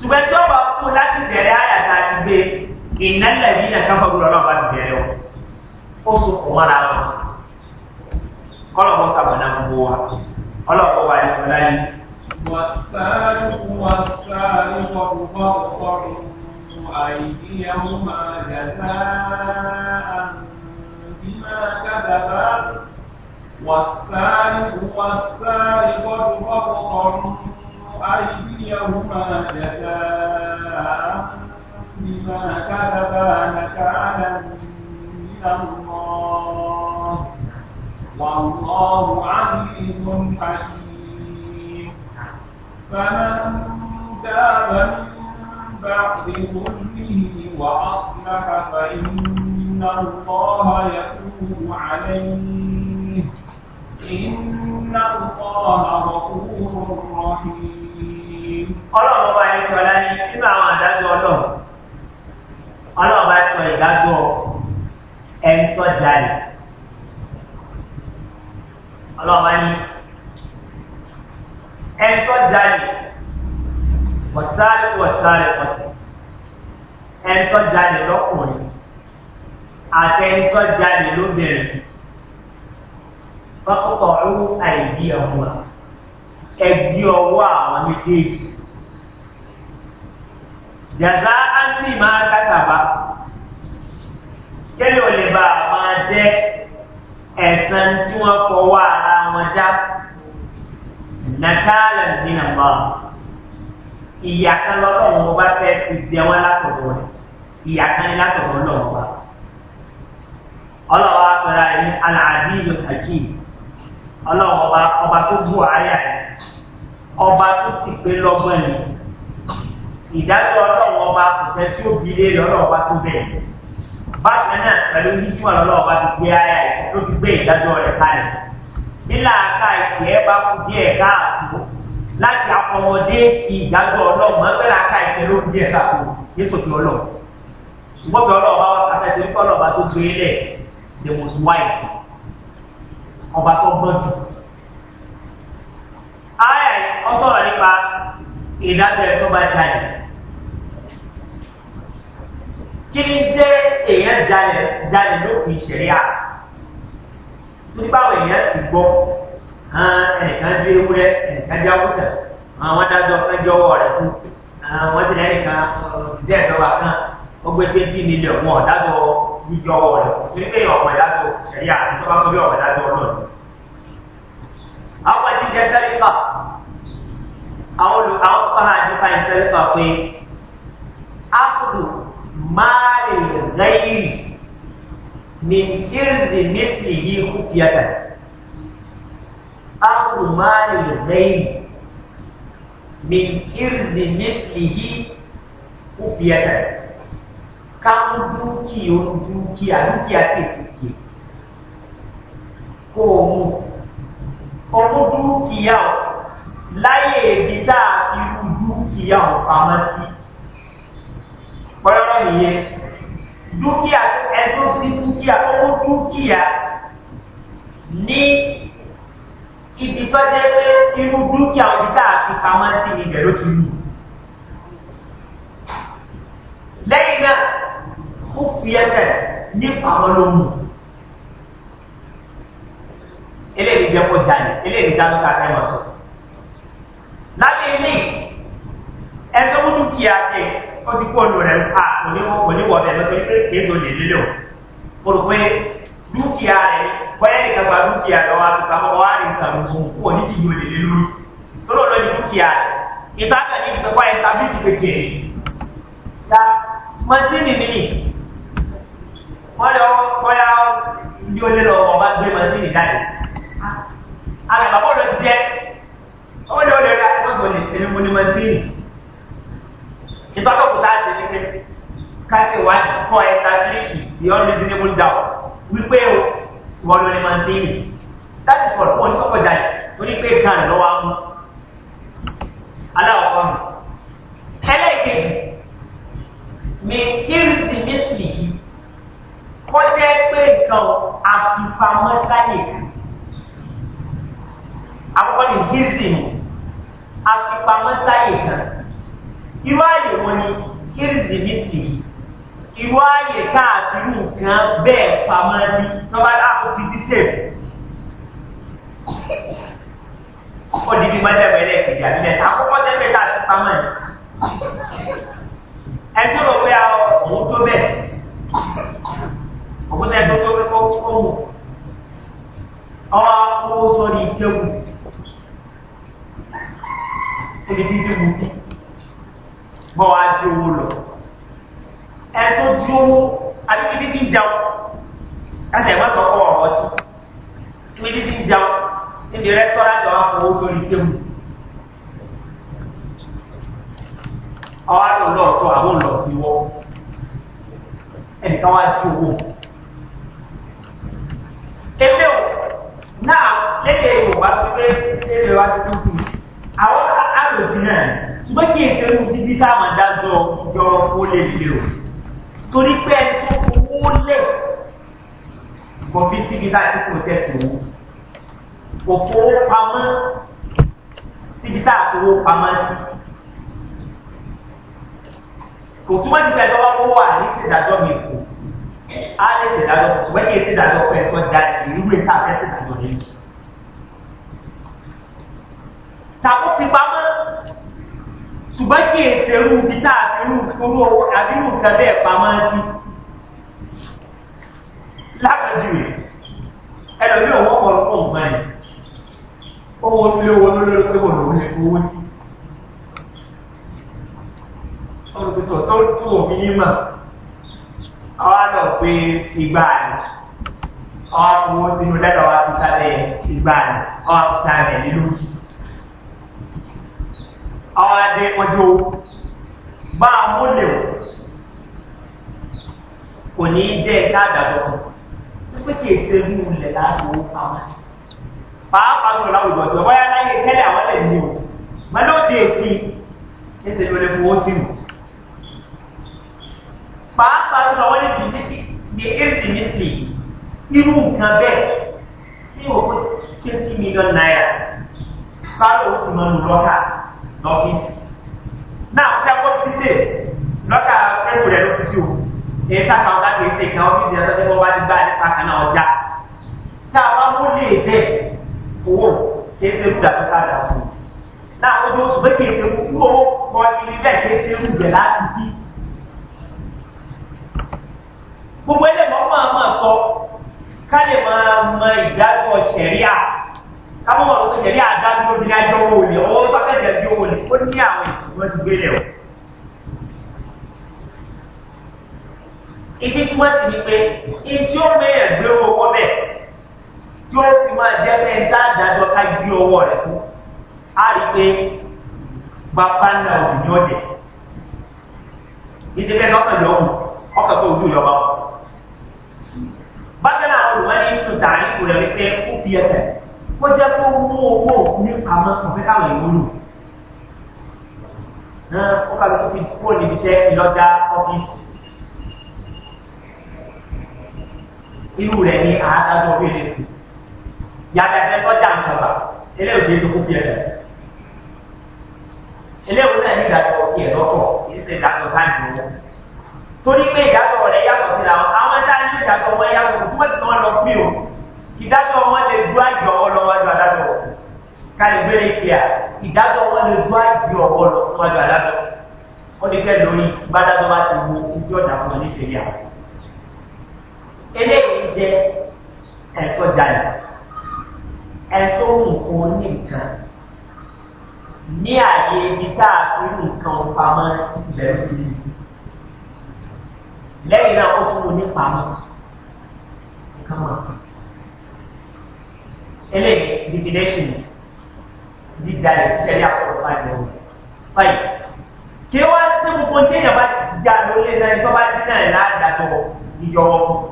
[SPEAKER 1] ṣùgbọ́n tí ọba kú láti bẹ̀rẹ̀ àyàtà ti gbé ìnálẹ̀ yìí nà káfà gbúdọ̀ náà bá ti bẹ̀rẹ̀ o ó so kò mọ́ra wọn kọ́lọ̀ wọn sàbọ̀nà gbogbo wa ọlọ́pàá wa ní ọ̀la yìí. wàsáàlù wàsáàlù ọ̀pọ̀ ọ̀pọ̀ àìdíyàwó máa dàgbà
[SPEAKER 2] بما كذبا
[SPEAKER 1] والسارق والسارقة عشيهما جزاء بما كذبا نكالا من الله والله عزيز حكيم فمن تاب من بعد ظلمه وأصلح فإن الله يتوب عليه إن الله غفور رحيم ọlọ́run ọba yẹn ti ọ̀la yìí nínú àwọn àdájọ́ ọlọ́run ọlọ́run bá sọ ìdájọ́ ẹ̀ńtọ́ jalè ọlọ́run bá ní ẹ̀ńtọ́ jalè wọ̀sálẹ̀ wọ̀sálẹ̀ pọ̀tẹ̀ ẹ̀ńtọ́ jalè lọ́kùnrin àti ẹ̀ńtọ́ jalè lóbìnrin fọ́kọ̀ọ́ àìdí ọ̀hún ẹ̀dí ọwọ́ àwọn méjèèjì jàdá ánì máa kàkàbá kẹ́lẹ́ ò lè bá a máa jẹ́ ẹ̀sán tí wọ́n fọwọ́ ara wọn já nàkàlà nínú àbá ìyá kan lọ́dọ̀ wọn bá fẹ́ ti jẹ wọn látọ̀dọ̀ rẹ̀ ìyá kan ní látọ̀dọ̀ lọ́wọ́ wa ọlọ́wọ́ apẹ̀rẹ̀ ẹni aláàbí ìlú kàkí ọlọ́wọ́ ọba tó bù ayà ọba tó ti pé lọ́gbọ̀n yìí ìdájọ́ ọlọ́wọ́ ọba kò fẹ́ tí ó fi lé lọ́lọ́ ọba tó bẹ̀rẹ̀. bákan náà pẹ̀lú yíjúmọ̀ lọ́lọ́ ọba ti gbé ara ẹ̀ tó ti gbé ìdájọ́ rẹ̀ kalẹ̀. nílà ká ìtì ẹ bá kú díẹ̀ káàkó láti àfọwọ́dé ti ìdájọ́ ọlọ́mọ ẹgbẹ́ra ká ìtì ló díẹ̀ káàkó yéṣu fi ọlọ́ ṣùgbọ́n bí ọlọ́ọ̀bá wà kàtàkì the most wise ọba tó gbọ́n jù. ayé ọsọ̀rọ̀ nípa ìdájọ́ ẹ̀ tó bá jáde kí ni jẹ́ èèyàn jalè jalè lófin ìṣẹ̀lẹ̀ à nípa àwọn èèyàn sì gbọ́ ẹnìkan bí ewúrẹ́ ẹnìkan bí awúsà àwọn adájọ́ ẹjọ́ ọwọ́ rẹ̀ fún wọ́n ti lẹ́yìn kan ìdí ẹ̀dọ́wà kan ó gbé twenty million wọn ọ̀dájọ́ yíyọ ọwọ́ rẹ̀ fún torí pé ọ̀pọ̀ ìdájọ́ ìṣẹ̀lẹ̀ à nípa bá sọ bí ọ̀pọ̀ ìdájọ́ ọlọ́run. àwọn ti jẹ sẹ́ríkà àwọn olùkọ́ àwọn kọ́ máa jẹ́ fáyín sẹ́ríkà pé ákùdù máa الغير من إرض مثله خفية أخذ مال الغير من إرض مثله خفية كم دوكي ودوكي أدوكي أتيكي كومو كومو دوكي ياو láyé ibi tá a fi dúkìá ọ̀pamọ́ sí. Pọ́yọ́rọ́ nìyẹn dúkìá ẹ̀tọ́ sí dúkìá owó dúkìá ní ibi tó jẹ́ pé irú dúkìá òbí tá a fi pamọ́ sí ibẹ̀ ló ti lù. lẹ́yìn náà ó fi ẹsẹ̀ ní pamọ́ ló mú. eléyìí jẹ́ kó jalè eléyìí dáná ká fẹ́ lọ sọ. lábẹ́ ilé ẹ̀tọ́ mú dúkìá ṣe ó ti kú ọ̀nù rẹ̀ à oníwọ̀ bẹ̀ lọ́sẹ̀ pé kéèso lè lélẹ̀ o mo rò pé dúkìá rẹ̀ bọ́yá nìkan gba dúkìá rẹ̀ wá tó pamọ́ wá ní ìsàlù fún kú òní ti yóò lè lé lórí tó lọ́ọ́ lọ́ọ́ ní dúkìá rẹ̀ ìtàkà ní ìtàkà ìtàbísì kékeré ta mọ́tínì mi ni wọ́n lọ bọ́yá ní olè lọ ọba gbé mọ́tínì jáde alàbàbọ̀ lọ jẹ́ ó lọ́ọ́ ni? ìbákọ̀kù tá a ṣe ní pé káṣí wá kọ́ ẹ tábìlìṣì beyond reasonable doubt wípé wọ́n ló ní máa ń tẹ́yìn
[SPEAKER 2] láti fọ̀rọ̀ fún oníṣọ́kọ̀ jáde
[SPEAKER 1] torí pé kan lọ́wọ́ á mú aláwọ̀ mi. ẹlẹ́ẹ̀kejì mi kírìtì mẹ́sìlì yìí kọjá pé nǹkan àfipamọ́ sáyè kan àkọ́kọ́ ni kírìtì mi àfipamọ́ sáyè kan irú ààyè wọn ni kérésì mi sì irú ààyè káàkiri nǹkan bẹ́ẹ̀ pamọ́ sí nọ́mbà àkókò ti sèpù
[SPEAKER 2] ó di bí mọ́tẹ́mẹ́lẹ́ kejì àbí mẹ́ta àkókò tẹ́mẹ́ta ti pamọ́
[SPEAKER 1] yìí. ló pamọ́ sí. kò túmọ̀ sí pẹ̀lú ọwọ́ wà ní ìṣèdájọ́ mi kù á lè ṣèdájọ́ ṣùgbọ́n kí ìṣèdájọ́ pẹ̀ tó da ìlú rẹ̀ tá a fẹ́ ṣèdájọ́ lé yìí. tàbí ti pamọ́ ṣùgbọ́n kí èsèrú ibi tá a fi rú owó àbírú nǹkan bẹ́ẹ̀ pamọ́ sí. lápẹjùwe ẹlòmíràn wọ́n kọ̀ ọ́ fún yìí owó ilé owó lórí pé kò lòun owó sí. olùkùtò tó tú òbí nímọ̀ àwọn àlọ́ pé ìgbà àná àwọn àwọn sínú lẹ́dọ̀ wa ti sábẹ́ ìgbà àná àwọn àkúta rẹ̀ nínú àwọn adé ọjọ́ bá a múlẹ̀ kò ní í jẹ́ ká dàgbọ́ pé kí èsè ní ilẹ̀ láti owó pamọ́ pàápàá lọ láwùjọ tí ọ̀bọ̀yá láyé tẹ́lẹ̀ àwọn ẹ̀dí o mẹ́lọ́dẹ̀ẹ́sì ẹ̀sẹ̀ ló lè fowó sínú pàápàá jùlọ wọ́n lè fi méjì ní eight minutes irú nǹkan bẹ́ẹ̀ tí o kó twenty million naira báwo o ti mọ nù lọ́kà lọ́fíìsì náà tí a kó ti dé lọ́kà ẹ̀kú rẹ̀ ló ti sí o èyí ká kàwọn láti ṣe ìkan ọ́fíìsì ẹ̀ tọ́jú bọ́ba ti gbá ẹ̀ káka náà ọjà tá a bá mú lè dé owó èyí ṣe kúdà tó ká fún un náà ojú oṣù méjì èyí ṣe kú owó kọ́ ilé bẹ́ẹ̀ kéde ń jẹ̀ láti bí. gbogbo ẹlẹ́ mọ́ máa máa sọ ká lè máa mọ ìdájọ́ sẹ̀ríà káwọn máa sọ sẹ̀ríà dájúmọ́ bí ajọ́ owó ni ọwọ́ sọ́kẹ́jẹ̀ bí owó ni ó ní àwọn ìtumọ̀ ti gbé lẹ̀ o. ìdí tí wọ́n ti ní pé ìdí ó mẹ́yẹ̀ gbé owó wọ́n bẹ̀ tí ó fi máa jẹ́ pé ń dá àdájọ́ ká gbé owó rẹ̀ fún á rí pé bàbá náà ò ní ọ̀dẹ̀ ìdí bẹ́ẹ̀ lọ́kàn yọ̀ ọ́ ọkàn tó ojú ìjọba wọn bákan náà olùmọ̀ ní inú tààrí kò rẹ̀ wípé ó fi ẹsẹ̀ kó jẹ́ kó mú owó ní pamọ́ ọ̀fẹ́ káwọn èèyàn lò náà ó kàwé tó ti kúrò níbi iṣẹ́ ìlọ́jà ọ́fíìsì irú rẹ̀ ní àádájọ́ obìnrin kù yàtọ̀ ẹ̀fẹ́ tọ́jà ń sọ̀rọ̀ eléyìí òde tó kó fi ẹsẹ̀ eléyìí náà ní ìdájọ́ ọ̀kì ẹ̀ lọ́kọ̀ ìṣèdájọ́ táìmù torí pé ìdájọ́ rẹ̀ yàtọ̀ sí ìdájọ́ wọn yá wọn túmọ̀ tí wọ́n lọ pín o ìdájọ́ wọn lè du àjọ ọwọ́ lọ́wọ́ ju adájọ́ wọn káyé gbére kíá ìdájọ́ wọn lè du àjọ ọwọ́ lọ́wọ́ ju adájọ́ wọn ní kẹ́ lórí gbádájọ́ bá ti wo ojú ọ̀dà fún ọ ní ìfẹ́ yà eléyìí jẹ́ ẹ̀tọ́ jalè ẹ̀tọ́ nǹkan oníkan ní àyè ibi tá a fi nǹkan pamọ́ lẹ́nu lẹ́yìn náà ó fún un ní pamọ́ ká máa pè. eléyìí liquidation dídá ẹ̀ ṣẹlẹ̀ àkọ́kọ́ bá yẹ que báyìí kí wọ́n ṣe gbogbo já èèyàn bá jà lólè náà tó bá dín náà ládàjọ́ ìjọwọ́ fún.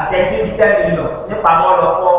[SPEAKER 1] àtẹ̀jú dídá mi lọ nípa mọ́ lọ́kọ́.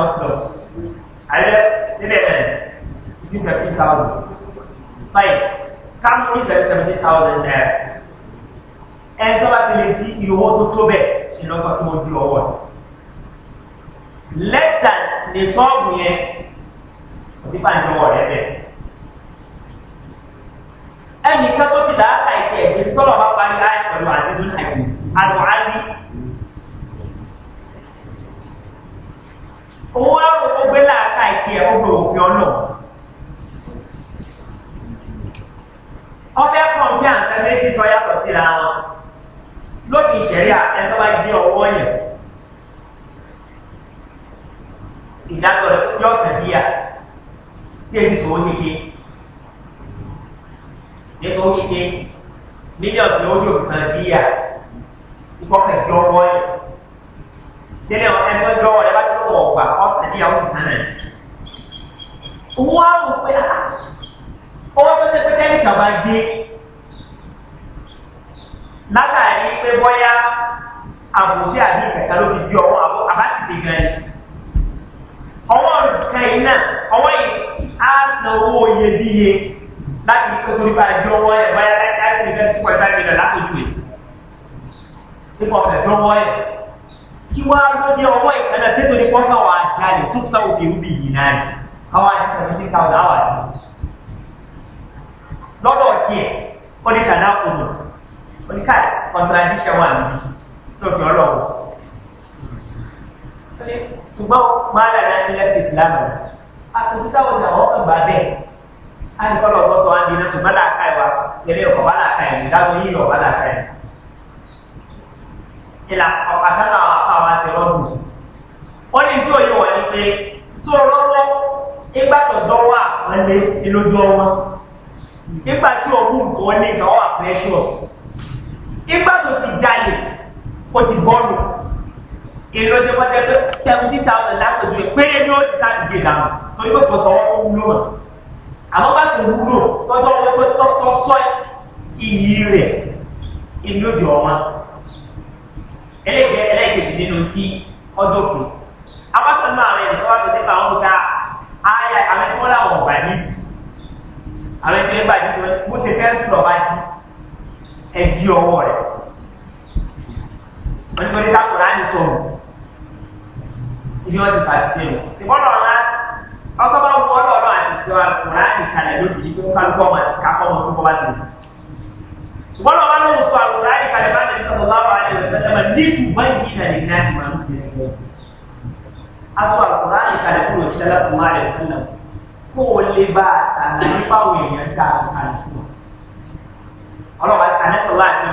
[SPEAKER 1] thousand plus ayẹ sílẹ̀ ẹ̀ between seventy thousand fine káàmù ní ìbẹ̀rẹ̀ seventy thousand naira ẹ̀ tó bá ti lè di ìhó tó tó bẹ̀ ṣìnà kan tó mọ di ọwọ́ lẹ́tà ní sọ́ọ̀bù yẹn kò sí pàǹdé ọwọ́ rẹ̀ bẹ́ẹ̀. méjì tó yàtọ̀ síra wọn lókè ìṣẹ̀rí àtẹ́tọ́ bá jẹ́ ọwọ́ yẹn ìdájọ́ rẹ̀ yọ̀ sẹ́díyà tí èyí sòwò níke ní sòwò níke mílíọ̀nù tí ó yọ̀ sẹ́díyà ìkọ́kẹ̀dọ́ ọwọ́ yẹn tẹ́lẹ̀ ẹ̀sọ́ jọ́wọ́ rẹ̀ bá tó wọ̀ ọ̀gbà ọ̀sẹ̀díyà ó sì sánà owó àrùn pé ah, ọwọ́ tó ṣe pé kẹ́lí kàbá dé látàrí pé bọ́yá àbòsí àbí ìkẹta ló fi di ọwọ́ àbọ̀ àbátìtì gan ni. ọwọ́ nǹkan yìí náà ọwọ́ yìí á na owó iyebíye láti kótó nípa àjọ ọwọ́ ẹ̀ báyá láti ní fẹ́ẹ́ fún ẹ̀dá ìrìnà látòjú ẹ̀. nípa ọ̀fẹ́ tó ọwọ́ ẹ̀ kí wá ló ní ọwọ́ ìkànnà tètò ní pọ́ńkà wà á jalè tó ta òkè rúbì yìí náà ni àwọn àti sọ̀rọ̀ ní káwọn àwọn àti lọ́dọ̀ tiẹ̀ ó ní kàdá oníkà contradiction wà níbi lófin ọlọ́wọ́ ṣùgbọ́n máàlá náà ní lẹ́sìn islam àtúntà wọn àwọn ọkàn bá bẹ́ẹ̀ á ní kọ́lọ̀ ọ̀gbọ́n sọ wá ní iná ṣùgbọ́n làákà ìwà eré ọkọ̀ bá làákà ìwà ìdájọ́ yìí lọ́ọ̀ bá làákà ìwà ìlà ọ̀pàtàkà àwọn àti rọ́ọ̀dù wọ́n ní tí òye wọ̀ ni pé tó rọ́ọ̀lọ́ nígbà tó dọ́wọ́ àwọn ilé ìlójú ọwọ́ nígbà tí òun kò ní ìtọ́wọ́ àpẹ́ṣọ́ọ̀sì nígbà tó ti jalè kó ti bọ́ọ̀lù èrò ti wọ́n jẹ́ pé seventy thousand lápẹ̀jù péré ni ó ti ta ti gbèdà torí pé kò sọ̀rọ̀ ó wúlò mọ̀ àmọ́ bá ti wúlò tọ́jọ́ wọn pé tọ́tọ́ sọ iyì rẹ̀ inú òdì ọ̀ma ẹlẹ́gbẹ̀ẹ́ ẹlẹ́gbẹ̀ẹ́ nínú tí ọjọ́ kù abákan náà rẹ̀ nípa wàá tẹ̀lé àwọn ọ̀gá ayé àmẹ́tọ́lá ọ̀gbà yìí àmẹ́tọ́lá ọ̀gbà yìí mo ti fẹ́ sọ̀rọ̀ bá yìí ẹ̀ di ọwọ́ rẹ̀. wọ́n ti fàṣẹ wọn. ìbọ̀lọ̀ ọ̀la ọkọ̀ bá wọ ọlọ́ọ̀lọ́ àti sọ àkùrá ìkàlẹ̀ lóbi yìí tó kálukọ́ wọn àti kápọ̀ wọn tó kọ́ bá ti wù. ṣùgbọ́n ọba ló ń sọ àkùrá ìkàlẹ̀ bá tẹ̀lé sọ̀rọ̀ láwọ̀ àti ìrọ̀sẹ̀lẹ̀mọ̀ níbi wọ́n yìí ìkàlẹ̀ ní àti màmú ti rẹ̀ lọ. aṣọ àkùrá ìkàlẹ̀ kúrò ṣẹlẹ̀ fún wa rẹ̀ fún náà kó o lè bá àtàlà nípa àwọn èèyàn ká àṣùkàlẹ̀ fún wa. ọlọ́wà ànẹ́sọ̀lá àti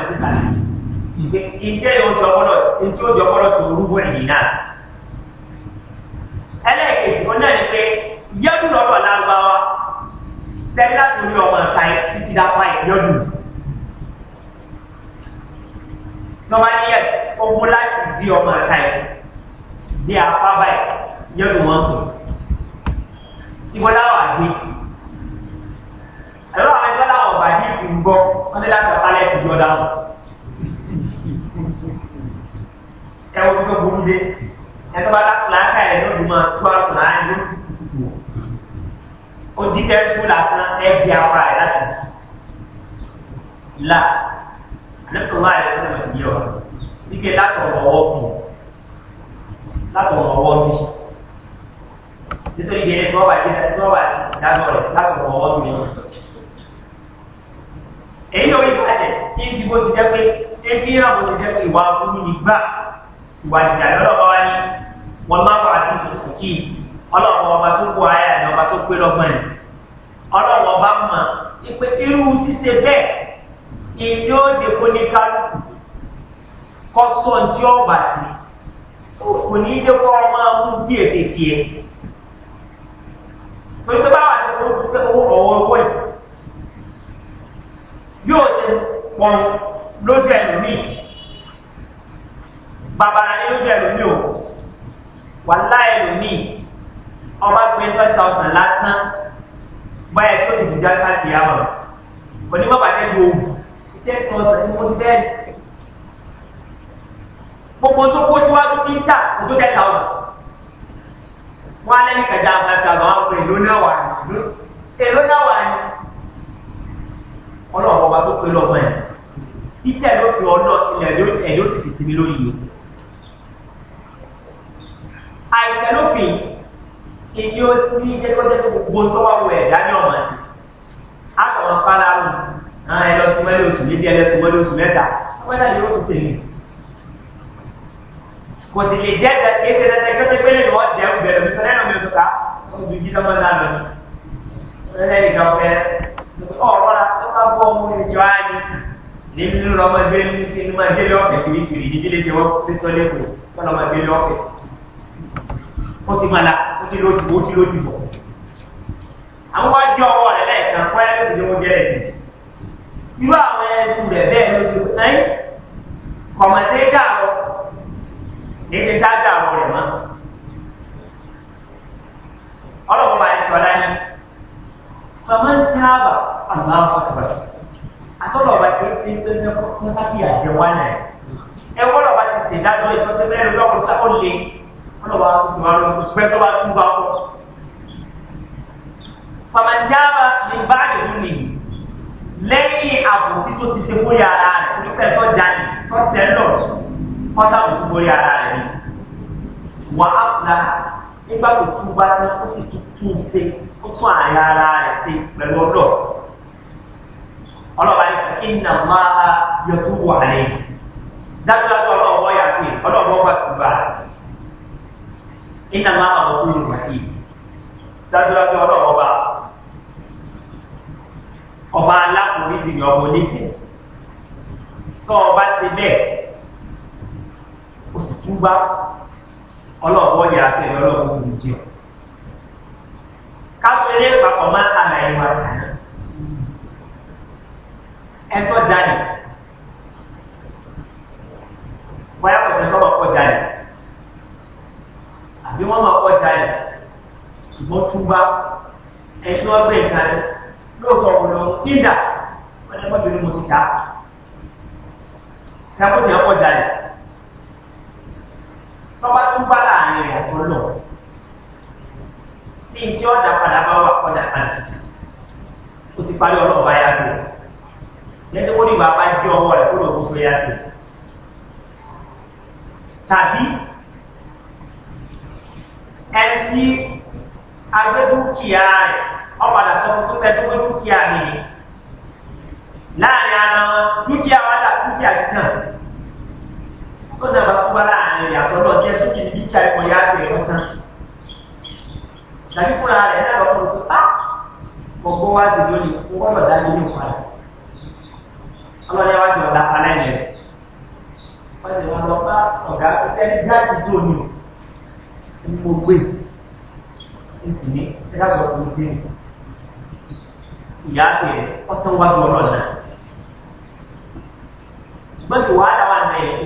[SPEAKER 1] àjọdù sọba níyẹ ogun láti di ọmọ àta yìí di apá báyìí yọdù wọn kù ìbọláwà gbé àlọ́ àwọn ẹgbẹ́ láwọn ọba yìí ti ń gbọ́ wọ́n ní láti ọ̀pá lẹ́sìn gbọ́ dáhùn ẹ̀wọ̀n tó burú dé ẹ̀tọ́ bá láàkà ẹ̀ ló máa tó àrùn láàyè ó ti kú ó ti kẹ́ sùn lásán láti la anẹ́sọ̀lá ẹ̀sẹ̀ mọ̀ ní ọ̀ wípé láti ọ̀rọ̀ ọwọ́ bì láti ọ̀rọ̀ ọwọ́ bì nítorí ìyẹn tó wà ní ẹ̀sọ́ wà dájọ́ rẹ̀ láti ọ̀rọ̀ ọwọ́ bì ọ̀ èyí ò rí bàjẹ́ tí ń dìbò ti jẹ́ pé ebi ààbò ti wá ní wọn má wà ní ìṣòfò kí ọlọ́wọ́ ọba tó kó ayé àná ọba tó pé lọ́gbọ̀n ọlọ́wọ́ ọba mọ̀ ìpè irú ṣíṣe bẹ́ẹ̀ ìdí ó di oníkálù kọ́sọ̀ tí ó bà sí kò ní í dé kọ́ ọ máa mú díẹ̀ kékeré torí pé báwa ti fún fún owó ọ̀wọ́ owó yìí yóò ti pọ̀ lójú ẹlòmíì bàbá ní lójú ẹlòmíì o wàhálà ẹlòmíì ọba gbé twenty thousand lásán báyà tó ti dìjà ká di àmọ̀ onímọ̀ bàtẹ́ di oògùn ten thousand ni mo ti bẹ́ẹ̀ ni. gbogbo tó kó síwájú kí n tà ojú ten thousand. wọ́n á lẹ́yìn kẹta àgbàtà lọ́wọ́ àwọn èlò náà wà ní. èlò náà wà ní. ọlọ́run ọba tó pé lọ́mọ ẹ̀ títẹ̀ ló fi ọ̀nà ilẹ̀ ẹ̀ ló sì ti sinmi lórí yìí. àìsàn ló fi èyí ó ti jẹ́kọ́jẹ́ gbogbo tó wà wọ ẹ̀dá ní ọ̀mọ̀ àti àtọ̀wọ̀n pálá lù ẹ lọ sí mọ́lẹ̀ oṣù méjì ẹlẹ́ sí mọ́lẹ̀ oṣù mẹ́ta wẹ́lá ni ó tún tèmi. kò sì lè jẹ́ ẹsẹ̀ dandan kí ó ti gbélé ìwọ́n jẹ́ bẹ̀rẹ̀ mi sọ́dọ̀ ẹ̀nà mi oṣù ká oṣù jí lọ́mọ náà lọ ní. ẹlẹ́ ìgbà ọ̀fẹ́ ọ̀rọ̀ la tó bá bọ́ ọmọ ìjọ ayé ní nínú ọmọ ẹgbẹ́ ní inú máa gbélé ọ̀fẹ́ kiri kiri ní ilé ìjẹ́wọ́ tó tọ́ lẹ́kọ̀ọ́ kọ́nà máa gbélé ọ̀fẹ́. ó ti máa la ó ti lóṣù ó ti lóṣù bọ̀. àwọn wá ọwọ́ rẹ̀ lẹ́ẹ̀kan fún ẹ̀ irú àwọn ẹbí rẹ̀ bẹ́ẹ̀ ló ṣe ẹ́ kọ̀mọ̀tẹ́ dàrọ̀ èdè tá dàrọ̀ rẹ̀ mọ́ ọlọ́pàá bá ẹ̀sọ́ láyé màmá ń sábà àbáwọ̀ àbáwọ̀ àtọ́lọ̀ ọba tí ó ti ń tẹ́lẹ̀ fún sábì àjẹwà náà ẹ wọ́lọ̀ bá ti ṣe dájọ́ ìtọ́sẹ́ mẹ́rin lọ́kùn sábọ̀ lé ọlọ́pàá tó máa lọ sí pẹ́ẹ́tọ́ bá tún bá pọ̀. Fàmàjáàbà ní báàgì nìyí lẹ́yìn àbòsí tó ti ṣe bóyá ara rẹ̀ onípẹ́ tó jáde tó tẹ̀ lọ kọ́tà bòsí bóyá ara rẹ̀ ni. wà á fúnra nígbà tó tún bá ní ó sì tún tún ṣe ó tún àyà ara rẹ̀ ṣe pẹ̀lú ọ̀dọ̀. ọlọ́ba yìí kí nà máa yọtú wà lẹ́yìn. dájúdájú ọlọ́wọ́ yà pé ọlọ́wọ́ wà sí bá a. ìnà máa àwọn olùwà yìí dájúdájú ọlọ́wọ́ bá a. ọba alákùnrin sì ni ọmọ oníkẹ́ ọba ṣe bẹ́ẹ̀ o sì tún bá ọlọ́ọ̀bọ yà á tẹ̀lé ọlọ́ọ̀bọ kò jẹ́ káṣọ eré papọ̀ máa àlàyé wa sàn ẹ̀tọ́ jáde bóyá kò tẹ̀sán kọ́ jáde àbí wọ́n máa kọ́ jáde lóòótọ́ ọ̀rọ̀ ìdá wọn ni wọ́n bẹ̀rẹ̀ mo ti ta ìyàpọ̀ tí wọ́n jalè tọ́ba tún bá láàrin rẹ̀ tó lọ tí n tí ọ̀dà padà bá wà kọ́dà kan o ti parí ọlọ́ọ̀bá yá tó lẹ́ni wọ́n ní bàbá jẹ́ ọwọ́ rẹ̀ kó lóòótọ́ tó yá tó tàbí ẹni tí agbẹ́dúkìá rẹ̀ ọ̀padà sọ fún pípẹ́ tó wọ́n dúkìá mi ni láàrin ara wọn dúkìá wa dà dúkìá náà tó nàbà tó wá láàrin ìyàtọ̀ náà jẹ́ dúkìá dúkìá ẹ̀kọ́ yá bẹ̀rẹ̀ wọn tán tàbí fúnra rẹ̀ náà lọ́kọ̀ tó bá gbogbo wa ti lónìí fún ọ̀rọ̀ dájú ní ìpadà ọlọ́ni wa ti ọ̀la alẹ́ yẹn wọ́n ti wọn lọ bá ọ̀gá ẹni jáde tó ní o mo gbé ní tìmí ẹ ká lọ fún gbé ní ìyá pè é ọtọ wájú ọ̀rọ̀ náà ṣùgbọ́n tí wàhálà wà ní ẹ̀yẹ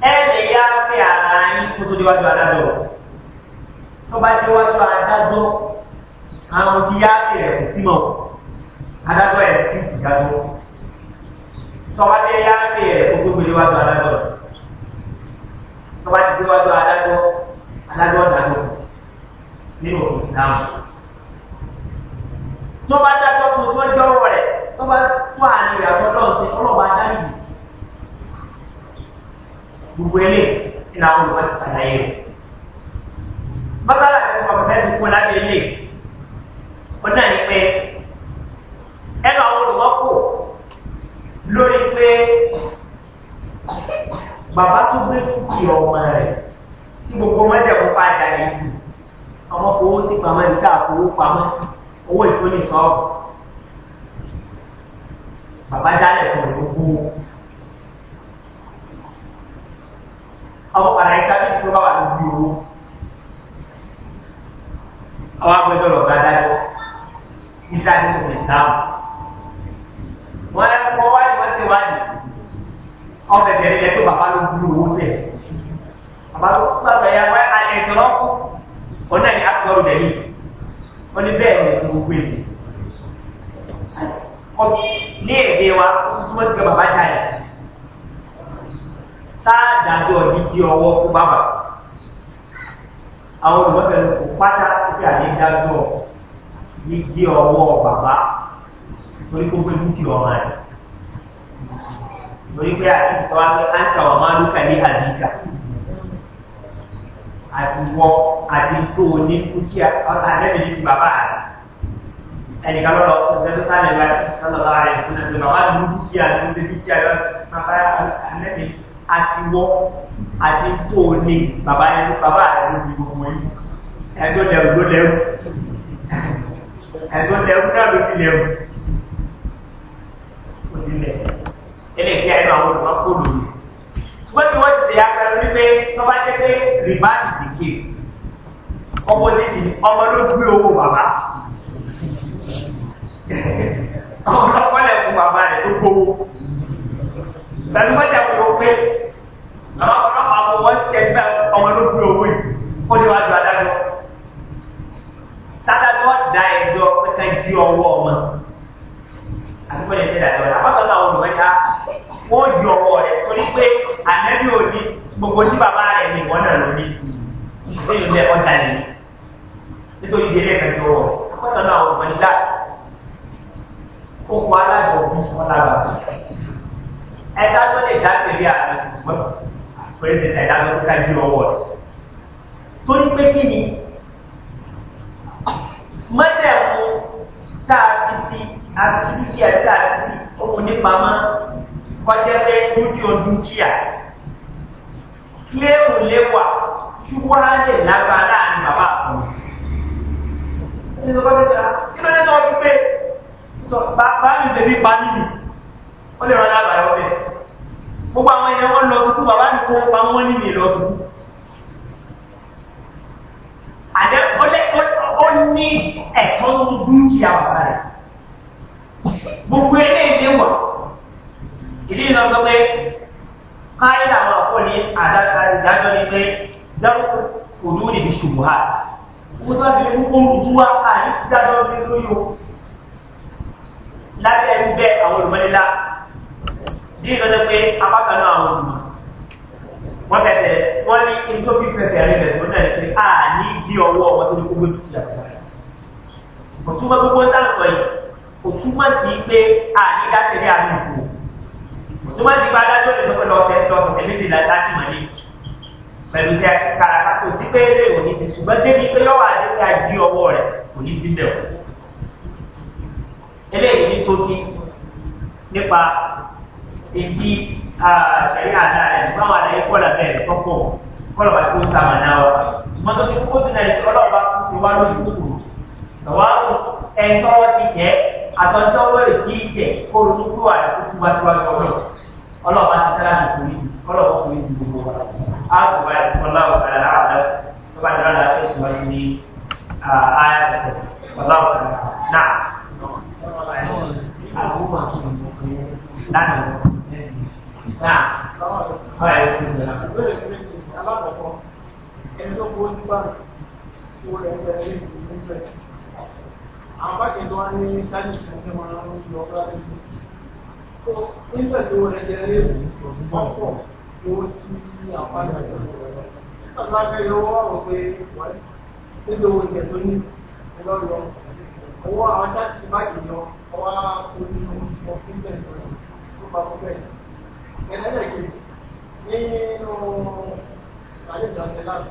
[SPEAKER 1] pé ẹ lè yá pé ara yín kó tó déwájú adájọ́ tó bá déwájú adájọ́ àwọn ti yá pé ẹ̀ kò sí mọ̀ adájọ́ ẹ̀ sì ti dájọ́ tọ́ba tẹ yá pé ẹ̀ kó tó déwájú adájọ́ tọ́ba ti déwájú adájọ́ adájọ́ dájọ́ nínú òfin náà tí wọ́n bá dájọ́ fún tí wọ́n jẹ́ ọ̀rọ̀ rẹ̀ tó bá tó àárín ìyàtọ̀ lọ́wọ́ sí ọlọ́ọ̀bá dání jù. gbogbo ilé ìlà àwọn olùkọ́ ti sàlàyé rẹ̀. bákàrà àti pàpàtà ti kó lábẹ́ ilé ó náà ní pé ẹnu àwọn olùkọ́ kò lórí pé bàbá tó gbé kùkì ọmọ rẹ̀ tí gbogbo ọmọdé kó pa àjà yìí jù ọmọ kò ó sì pamọ́ ní káà kó ó pamọ́ sí owó ìfúnni sọ́ọ̀bù bàbá dálẹ̀ kan ló kú àwọn padà ìta bí sọ bá wà lójú owó àwọn agbẹjọ lọ bá dájọ ìta ní sọ ìsìlámù wọn lẹ kọ wáyé wọn ti wáyé ọbẹ bẹrẹ yẹ pé bàbá ló dúró owó tẹ bàbá ló kú bàbá yà wáyé alẹ ìtọ́lọ́kù ọ̀nà ni a dẹ̀ yìí wọ́n ní bẹ́ẹ̀ ni gbogbo èdè ní èdè wa túmọ̀ sí pé bàbá ṣáyà sáàdájọ́ dídí ọwọ́ fún bàbá àwọn olùmọ̀fẹ́lẹ́ kò pátá sí àdédájọ́ dídí ọwọ́ bàbá torí kó pé dúkìá ọmọ rẹ̀ torí pé àti sọ wá pé àǹtà ọmọ alúkà ní àdìkà àtiwọ́ àtitó ní kúkí àtẹ́bìrì ti bàbá rẹ̀ ẹnìkan lọ́rọ̀ ọ̀sẹ̀tọ́ sáà nígbà sọ́lọ́lá rẹ̀ fún ẹ̀sùn bàbá ní kúkí àti ní kúkí àtẹ́bìrì àtiwọ́ àtitó ní bàbá rẹ̀ bàbá rẹ̀ ló fi gbogbo yìí ẹ̀tọ́ dẹ̀rù ló dẹ̀rù ẹ̀tọ́ dẹ̀rù náà ló ti dẹ̀rù ó ti lẹ̀ ẹlẹ́kẹ́ ẹ̀rọ àwọn olùkọ́ kò lòlù ṣùgbọ́n tí wọ́n ti yàgbẹ́ lórí pé tó bá jẹ́ pé rìbá ti dìkì ọmọ níbi ọmọ ló gbé owó bàbá ọmọ lọ́kọ́lẹ̀ fún bàbá rẹ̀ tó gbowó pẹ̀lú bọ́jà kò pé àwọn ọlọ́pàá àwọn wọ́n ti ẹgbẹ́ ọmọ ló gbé owó yìí ó lè wá ju adájọ́ sádájọ́ da ẹjọ́ pẹ́ká jí ọwọ́ ọmọ àti bọ́jà ti dàgbà àwọn sọ́dọ̀ àwọn olùwẹ́ta ó yọ ọwọ́ rẹ̀ torí pé ànábì ò ní gbogbo tí bàbá rẹ̀ ní ìwọ náà ló ní ṣé ìlú ẹ̀kọ́ ta ni nítorí ìdílé ẹ̀ka tó rọ̀ akọ́tọ̀ náà wọ̀ ní dá kókó alájọ bí wọ́n lágbà ẹ̀dá tó lè dá pẹ̀lú àná ṣùgbọ́n pẹ̀lú ẹ̀dá tó ká bí ọwọ́ rẹ̀ torí pé kí ni mọ́tẹ̀ mú tá a fi àti bí kí ẹ̀ tá a fi sí òun nípa máa kọjá pé dúkìá dúkìá léwu léwà ṣùgbọ́n á lè lágbára láàrin bàbá kan. ẹni tó bá fẹ́ ta kí ló dé tó ọdún pé bàbá mi lè fi pa nínú ó lè rán lábàá ẹ̀wọ̀n bẹ́ẹ̀. gbogbo àwọn èèyàn wọn lọ sùkú bàbá mi kó pa wọn nínú ìlọ sùkú. àdé ó ní ẹ̀tọ́ dúkìá bàbá rẹ̀ gbogbo eléyìí wà ìdí iná sọ pé káyọ̀dà àwọn àpò ní àdájọ́ ní pé dáwọ́ òdú ní ìṣubú ha wọ́n tó bí wọ́n kún ojú wa ká ní ti dájọ́ ní lórí o lábẹ́ ẹni bẹ́ẹ̀ àwọn olùmọ́lélá ìdí iná sọ pé apákan náà àwọn olùmọ̀ wọ́n tẹ̀sẹ̀ wọ́n ní ìtòkì fẹsẹ̀ rẹ̀ lẹ̀ tó náà ṣe à ní bí ọwọ́ wọn tó ní kó gbójú ti àgbà òtúmọ̀ gbogbo ń dáhùn sọ yìí òtúmọ̀ sí pé à ní dáṣẹ́lẹ̀ tó di ti gba adájọ́ lè sọ pé lọ́sẹ̀ lọ́sẹ̀ méjì láti mọ̀ ní pẹ̀lú tẹ kàràkà kò sí pé eré ni ti ṣùgbọ́n débi pé lọ́wọ́ adéka di ọwọ́ rẹ̀ kò ní sí bẹ̀rù eléyìí ní sókí nípa èyí ṣẹ̀yìn àdá rẹ̀ ṣùgbọ́n àwọn àdáyé kọ́lá bẹ̀rẹ̀ tọ́pọ̀ kọ́lá bá tó ń sábà náà wà ṣùgbọ́n tó ṣe kókó ti náà ní ọlọ́ọ̀bá ti wá lójú kúrò ẹ̀wá ẹ̀ńtọ́wọ́ ti jẹ́ àtọ́jọ́wọ́ èjì ìjẹ́ olùkúkú àyàkúkú wá síwájú ọ̀rọ̀ ọlọ́ọ̀bá ti tẹ́lá ti kùn yìí ọlọ́ọ̀bá kùn yìí ti gbogbo wa àgùnbà ìfọ̀lá ọ̀tàlá àdá tọ́ba ìdá àdá tó ti wájú ní àyàkúkú ọ̀lá ọ̀tàlá náà àgùnbà tó ń bọ̀ pé láti náà ọ̀yà ìfúnni alákọ̀ọ́kọ́ ẹni tó kó nípa ìwé ẹgbẹ́ ẹgbẹ́ àwọn bákẹ́ tó wá ní chinese country máa ń lọ láti fi tó nígbà tó rẹ̀ jẹ́ ọ̀pọ̀ tó ti àpáyà rẹ̀ nígbà tó abẹ́ yọ wọ́n wọ́n pé wọ́n níbi owó ìjẹ́ tó ní ọlọ́yọ owó àwọn jáde báyìí yọ ọwọ́ onínú ọ̀fíì bẹ́ẹ̀ tó bá kọ́ bẹ́ẹ̀ ẹ̀ẹ́dẹ́gbẹ̀ẹ́ nínú àlejò àti láti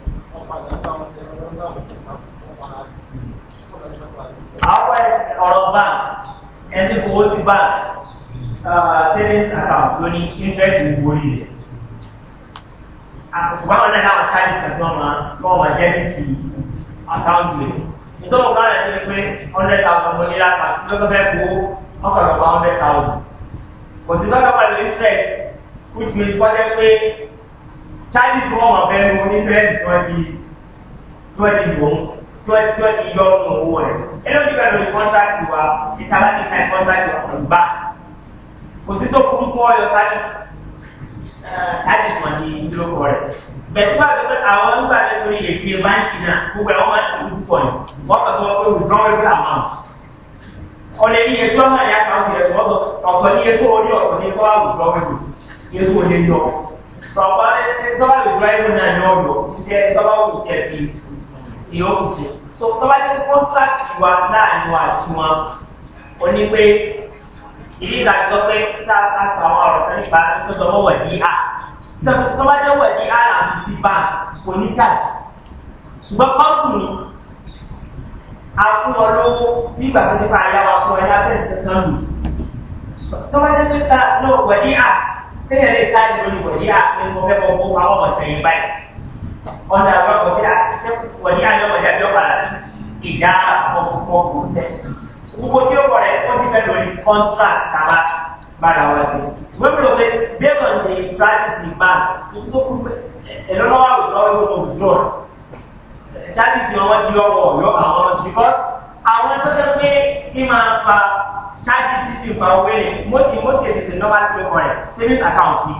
[SPEAKER 1] àwọn ọ̀rọ̀ bank ẹni fowó sí bank savings account ló ní interest gbogbo orí rẹ̀ àtùkù báwọn náà náà ṣáàjì tẹ̀sán máa wọ́n wà jẹ́ ní ti àkáǹtì rẹ̀ nítorí wọn báyìí ti pé hundred thousand mo ní lápá lọ́kọ́ fẹ́ kó ọkọ̀lọ́pọ̀ hundred thousand kò sí lọ́kọ̀ pẹ̀lú interest which means wọ́n jẹ́ pé charges wọ́n wà fẹ́ lu interest tó ẹ ti wò ó tó ẹ tó ẹ ti yọ ọmọ owó rẹ ẹni wọn ti bẹ̀rẹ̀ lórí kọ́ńtàkì wa ìtàlá ti ka kọ́ńtàkì wa pẹ̀lú bá kò sí tó kúrú kó ọyọ sáyẹn sáyẹn tí wọn ti dúró kọ rẹ bẹ̀rẹ̀ wá pé àwọn nígbà tó torí lè fi báńkì náà gbogbo àwọn máa ń tẹ̀lé púpọ̀ ni wọ́n kàn sọ pé withdrawal amount ọ̀lẹ́ iye tí wọ́n máa yá kan wọlé ọ̀sọ̀ ọ̀sọ̀ iye tó orí ọ̀sọ̀ ní kọ́ àwùjọ wẹ̀lú iye tó orí ọ̀sọ̀ ọ̀bá tọ́wọ́ lè dúró ẹ̀rọ náà ní ọ̀dọ̀ títẹ́ tọ́wọ́ wù kẹ́ẹ̀fì yóò jẹ so tọ́wájú kọ́ńtàkì wa láàánú àti wọn ó ní pé ìdí ìdájọ́ sọ pé tá a ta sọ àwọn ọ̀rọ̀ nípa sọ́sọ́ mọ́ wọ̀ ní à tọ́wájú wọ̀ ní à là ń fi bá oníjàjì ṣùgbọ́n kọ́ńtùnì àfún ọlọ́wọ́ nígbà tó ti fa àyàwó àfún ẹ̀yà tẹ̀sí kan lù tọ́wájú pé ta ló wọ̀ ní à kéèyàn lè ṣáàjì lórí wọ̀ ní à pé mo fẹ́ bọ́ fún àwọn ọ̀sẹ̀ yìí báyìí ọ̀nà àbọ̀ kọjá yọ kọjá tí ó padà ìdá àkọ́kọ́ kò tẹ̀. Gbogbo tí ó kọ̀rẹ́ ó ti fẹ́ lórí contract kaba bára wa sí. Wọ́n mi rò pé based on the practice in bank, tó kú ẹ̀lọ́lọ́wọ́ àwùjọ ìwọ̀n òwúrọ̀. Jáde ti wọn ti yọ wọ̀ yọ àwọn ọ̀sìn kọ́. Àwọn tó tẹ́ pé kí máa fa jáde ti fi fa owó rẹ̀. Mọ́tì mọ́tì èsì normal pay for it savings account yìí.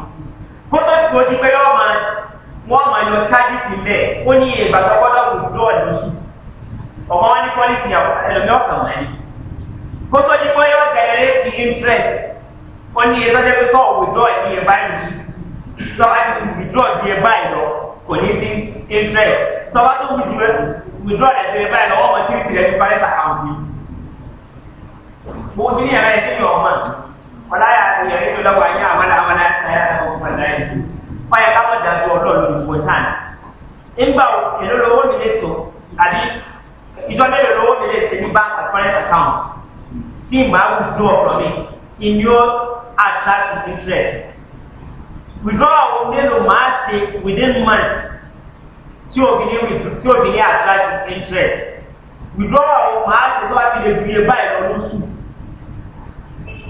[SPEAKER 1] Kótó ti kò ti pé yọ máa wọ́n máa yọ tájìtì bẹ́ẹ̀ ó ní ìgbà tó gbọ́dọ̀ kò dọ́ọ̀ ní ọmọ wọn ní pọ́lísì ẹlòmíọ́ kàn wọ́n ní. kó tó ní pé yóò gẹ̀rẹ́ sí interest ó ní ìgbà tó sọ òwúdọ́ ìyẹn báyìí sọ àti òwúdọ́ ìyẹn báyìí lọ kò ní sí interest sọ wá tó òwúdọ́ ìyẹn báyìí lọ wọ́n mọ̀ tí ìsìlẹ̀ ní parí sàkáwùtì. mo ti ní ẹ̀rọ ẹ̀ fáyà káwọn dájú ọlọ́ọ̀lù ìfọ̀ tán nígbà èlò lọ́wọ́ mi lè tó àbí ìjọ mélòó lọ́wọ́ mi lè ṣe ní bank account account tí màá wùdú ọ̀rọ̀ mi ìní ó attract interest withdrawal mélòó màá ṣe within months tí obìnrin tí obìnrin attract interest withdrawal màá ṣe tó bá fi lè fi báyìí lọ lóṣù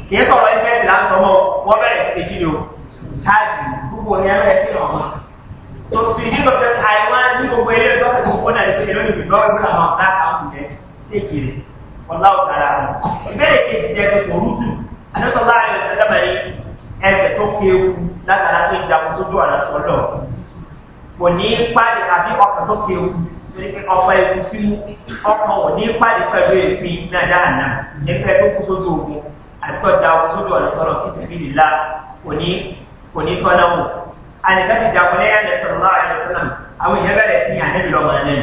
[SPEAKER 1] kì í sọ̀rọ̀ ẹgbẹ́ ìlànà sọmọ wọ́n bẹ̀rẹ̀ èjì ni o ṣáàjì ni gbogbo ní ẹ̀rọ ẹ̀sìn ọ̀ma. Tòsí yìí lọ sẹ Taiwan ní gbogbo ilé ẹjọ́ kò kó náà ṣe lónìí bí lọ́wọ́ ìgbà máa ká àwọn ìyẹn kékeré ọ̀la ọ̀tara rẹ̀. Ìbéèrè kejì jẹ́ pé kò rúdù. Àdéṣọlá ayọ̀ ìṣẹ́dábà yìí ẹsẹ̀ tó kéwu látara tó jagun sójú ọ̀nà sọ́lọ̀. Kò ní pàdé àbí ọkàn tó kéwu ọ̀pọ̀ ẹ̀kúsí ọkàn ò ní pàdé pẹ̀lú èéfín náà dáadáa. Ẹgbẹ́ tó kú sójú ogun àti tọ́jà ogun sójú ọ̀nà sọ́lọ̀ kí sì kò ní tọ́lá wò àníkà ti dàgbọ́ lẹ́yìn àdé sọ̀rọ̀ lọ́wọ́ àdé sọ̀rọ̀ àwọn èèyàn bẹ̀rẹ̀ sí ànábì lọ́mọ náà ni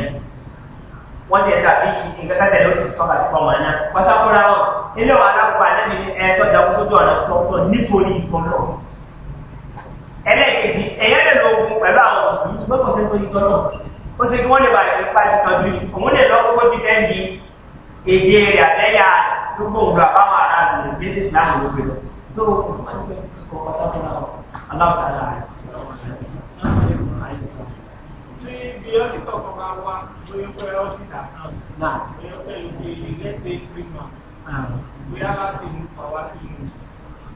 [SPEAKER 1] wọ́n ti ẹ̀sà bí ṣì nǹkan kẹtẹ̀ ló sì tọ́ka sí ọmọ náà pátákóra wọn ilé wọn alákòókò ànábì ní ẹ̀ẹ́tọ́ dàgbọ́ sójú ọ̀nà tọ́tọ́ nítorí ìtọ́lọ́ ẹlẹ́ẹ̀kejì ẹ̀yẹ́ lè lo ogun pẹ̀lú àwọn mùsùlùmí ṣùgbọ́n kò sẹ́ńtò ìtọ́lọ́ ó ti kí wọ́n lè bàjẹ́ pa ìtọ́jú òun lè lọ́ kókó ti fẹ́ẹ́ èdè rẹ̀ àtẹ́yà gbogbo òun àbáwọn aráàlú rẹ̀ bí ẹ̀sìn ìsìlámù ló gbé lọ alábàárà rẹ̀. Tí ibi ọ́fíìsì ọ̀kan bá wá, ó yẹ pé ọ́fíìsì àkàn, ó yẹ pé ìgbé lẹ́sẹ̀ ìgbìmọ̀, bóyá láti ìlú Pàwá sí ìlú.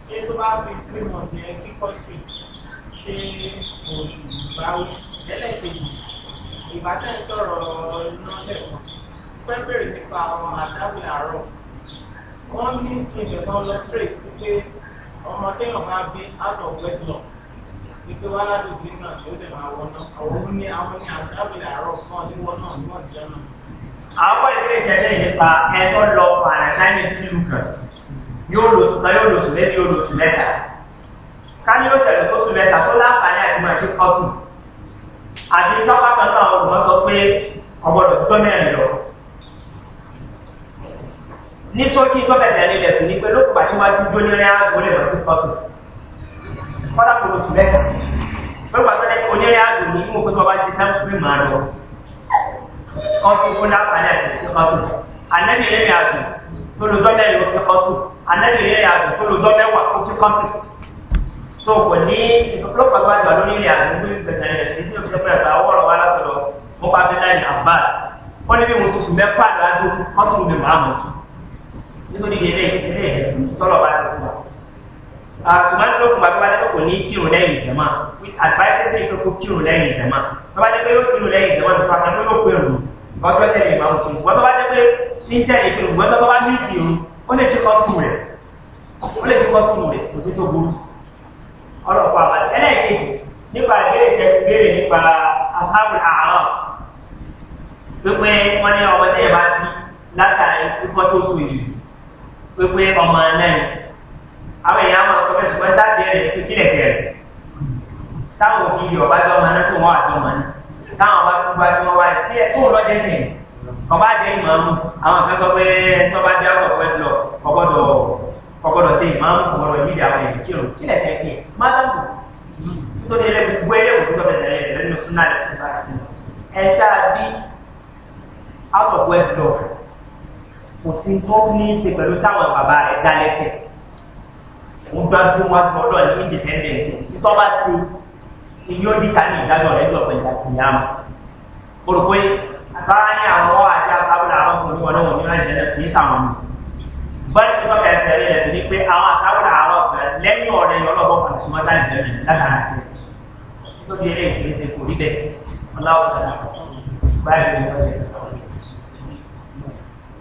[SPEAKER 1] Ṣé tó bá fi ìgbìmọ̀ yẹn kíkọ́ sí ṣé kò ìbáwí? Lẹ́lẹ́kejì, ìbátẹ́ sọ̀rọ̀ iná lẹ́kọ̀ọ́. Pẹ́ bèrè nípa àwọn àdáwìn àárọ̀. Wọ́n ní kí ìbẹ̀kan lọ straight pé ọmọ téèyàn bá bí out of wedlock wípé wá ládùúgbò náà tí ó lè máa wọ náà àwọn ní àwọn ní àtàbílẹ̀ àárọ̀ fún ọdínwó náà ní wọ́n ti jẹ́ náà. àwọn ìdílé ìtẹ̀lé nípa ẹ̀kọ́ lọ àrà láyé tí ó kàn yóò lò sùn kan yóò lò sùn lẹ́yìn yóò lò sùn lẹ́ta káni ló tẹ̀lé tó sùn lẹ́ta tó láǹfààní àti máa ṣe kọ́sùn àti sábà kan náà ọ̀gbọ́n sọ pé ọgbọ́dọ̀ tó mẹ́rin lọ ní sọ́kí tó bẹ̀rẹ̀ ní ilẹ̀ sí ní pé lókùn bá tí wọ́n ti dúró ní rẹ̀ àgbo lè lọ sí pọ́sù kọ́dà kò lóṣù mẹ́ta lókùn bá tọ́lẹ̀ kò ní rẹ̀ àgbo ní ìmú pípọ́ bá ti sẹ́mu pé màá lọ kọ́sù kó láǹfààní àti sí pọ́sù ànẹ́bí rẹ̀ rẹ̀ àgbo tó lọ dọ́bẹ̀ lọ sí pọ́sù ànẹ́bí rẹ̀ rẹ̀ àgbo tó lọ dọ́bẹ̀ wà kó sí pọ́sù so kò ní lókùn bá tọ́lẹ̀ lórí rẹ̀ àgbo ní ìgbẹ̀sẹ̀ rẹ̀ nítorí ilé ilé sọ̀rọ̀ bá yàtọ̀ fún wa. àtùmáyé ló kùn àtúbáyé ló kò ní kírun lẹ́yìn ìjàmá àtùmáyé ló kò kó kírun lẹ́yìn ìjàmá tọ́ba jẹ́ pé yóò kírun lẹ́yìn ìjàmá tó fàkàn ló ló pé òun ọjọ́ tẹ̀lé ìmáwó kírun wọ́n tọ́ba jẹ́ pé ní tẹ̀lé ìpinnu wọ́n tọ́ba bá ní kírun ó lè fi kọ́ sùn rẹ̀ ó lè fi kọ́ sùn rẹ̀ kò sí tó burú. ọlọ́pàá àbàtì ẹlẹ́ẹ̀kejì nípa ìbéèrè ìbéèrè nípa asábùl àárọ̀ pípẹ́ wọ́n ní ọmọdé yẹn bá ti látàrí kíkọ́ tó sùn yìí pépé ọmọ nẹ́ẹ̀ni àwọn èèyàn máa sọ fẹ́sùn pẹ́ntà díẹ̀ rẹ̀ kíkílẹ̀ kẹrẹ̀ táwọn òbí yìí ọba jọ máa ná tó wọn àjọ máa ní táwọn ọba tó gba tí wọn wá sí ẹ tó lọ́jẹ́ sí ọba jẹ́ ìmọ̀ọ́mù àwọn akẹ́kọ̀ọ́ pé ẹsẹ̀ ọba jẹ́ ọ̀pọ̀ pẹ́ lọ ọgbọ́dọ̀ ọgbọ́dọ̀ sí ìmọ̀ọ́mù ọgbọ́dọ̀ yìí dà wọ́n èyí kírun kílẹ̀ fẹ́ kí má dábò nítorí ẹlẹ́gbẹ̀ẹ́ gbé ẹlẹ́gbẹ̀ẹ́ tó bẹ̀rẹ̀ lẹ́nu súnà lẹ́sùn bá ẹ̀ta bí out of west kò sí tó ní ṣe pẹ̀lú táwọn bàbá rẹ̀ dá lẹ́sẹ̀. Òun gbá fún wa gbọ́dọ̀ ní independence. Ìtọ́ bá ti ni yóò di ta ní ìdájọ́ rẹ̀ ní ọ̀pẹ̀ ìdàkìyà mọ́. Olùkọ́ yìí, báwa ní àwọn àti àtàwọn àwọn kò ní wọn náà wọ́n ní láti ṣẹlẹ̀ sí ìtàwọn mi. Bọ́lá ti tọ́ka ẹsẹ̀ rẹ̀ sí ni pé àwọn àtàwọn àwọn ọ̀gbẹ̀ lẹ́yìn ọ̀rẹ́ ọlọ́gbọ́n kan tí wọ́n láti bẹ̀rẹ̀ látara sí. Tó di eré ìgbésẹ̀ kò rí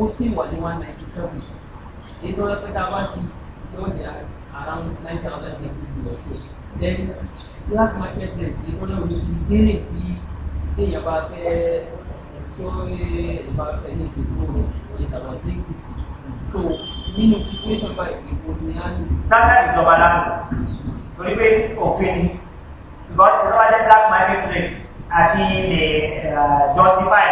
[SPEAKER 1] ó sì wà ní one ninety seven èyí tó wọ́n pẹ́ tá a bá ti yóò di around nine thousand eight hundred or so then black market rate èyí tó lọ́wọ́ ní ìbéèrè tí èèyàn bá fẹ́ tó ìbá fẹ́ ní ìdúró rẹ̀ ní about three fifty so nínú situation báyìí kò ní á ní. sáà ìjọba lánàá torí pé òfin ni because ìjọba jẹ́ black market rate àti ilẹ̀ eh, eh, justify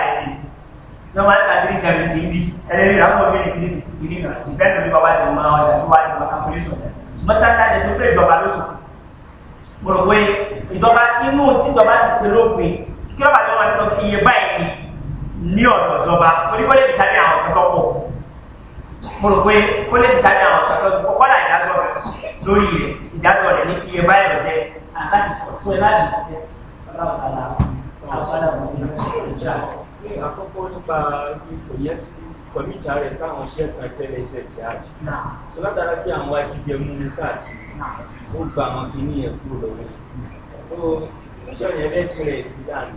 [SPEAKER 1] lọ́wọ́ máa ń ta gírísì àmì ti ibi ẹlẹ́rìí ráwọ̀ bí ẹni kìíní náà ìfẹ́ tó ní bàbá ti mọ ọjà tó wà ní bàbá kàmpilẹ́sọ̀ mọ́tàkà lè tó pé ìjọba ló sùn gbọ̀rọ̀ pé ìjọba inú tíjọba ti ṣe lópin kí lọ́ba tó máa sọ iye báyìí ní ọ̀dọ̀ ìjọba oníkọ́lé ti tàbí àwọn ọ̀tọ̀ pọ̀ gbọ̀rọ̀ pé kọ́lé ti tàbí àwọn ọ̀tọ̀ pọ̀ kọ́lá ìdájọ́ rẹ̀ lórí rẹ̀ ìdájọ́ rẹ̀ ní iye báyìí rẹ̀ jẹ́ àkáàtì sọ̀tún ẹ̀ láti ṣiṣẹ́ ọlọ́run àkọ́kọ́ nípa kò yẹ sí pẹ̀lú ìjà rẹ̀ káwọn iṣẹ́ kan tẹ́lẹ̀ iṣẹ́ ti àjì. sọ látara bí àwọn ajíjẹ mú mi káàkiri ó gba àwọn kìíní yẹn kúrò lọ́wọ́ so ìfúnṣẹ́ yẹn bẹ́ẹ̀ tirẹ̀ sí dànù.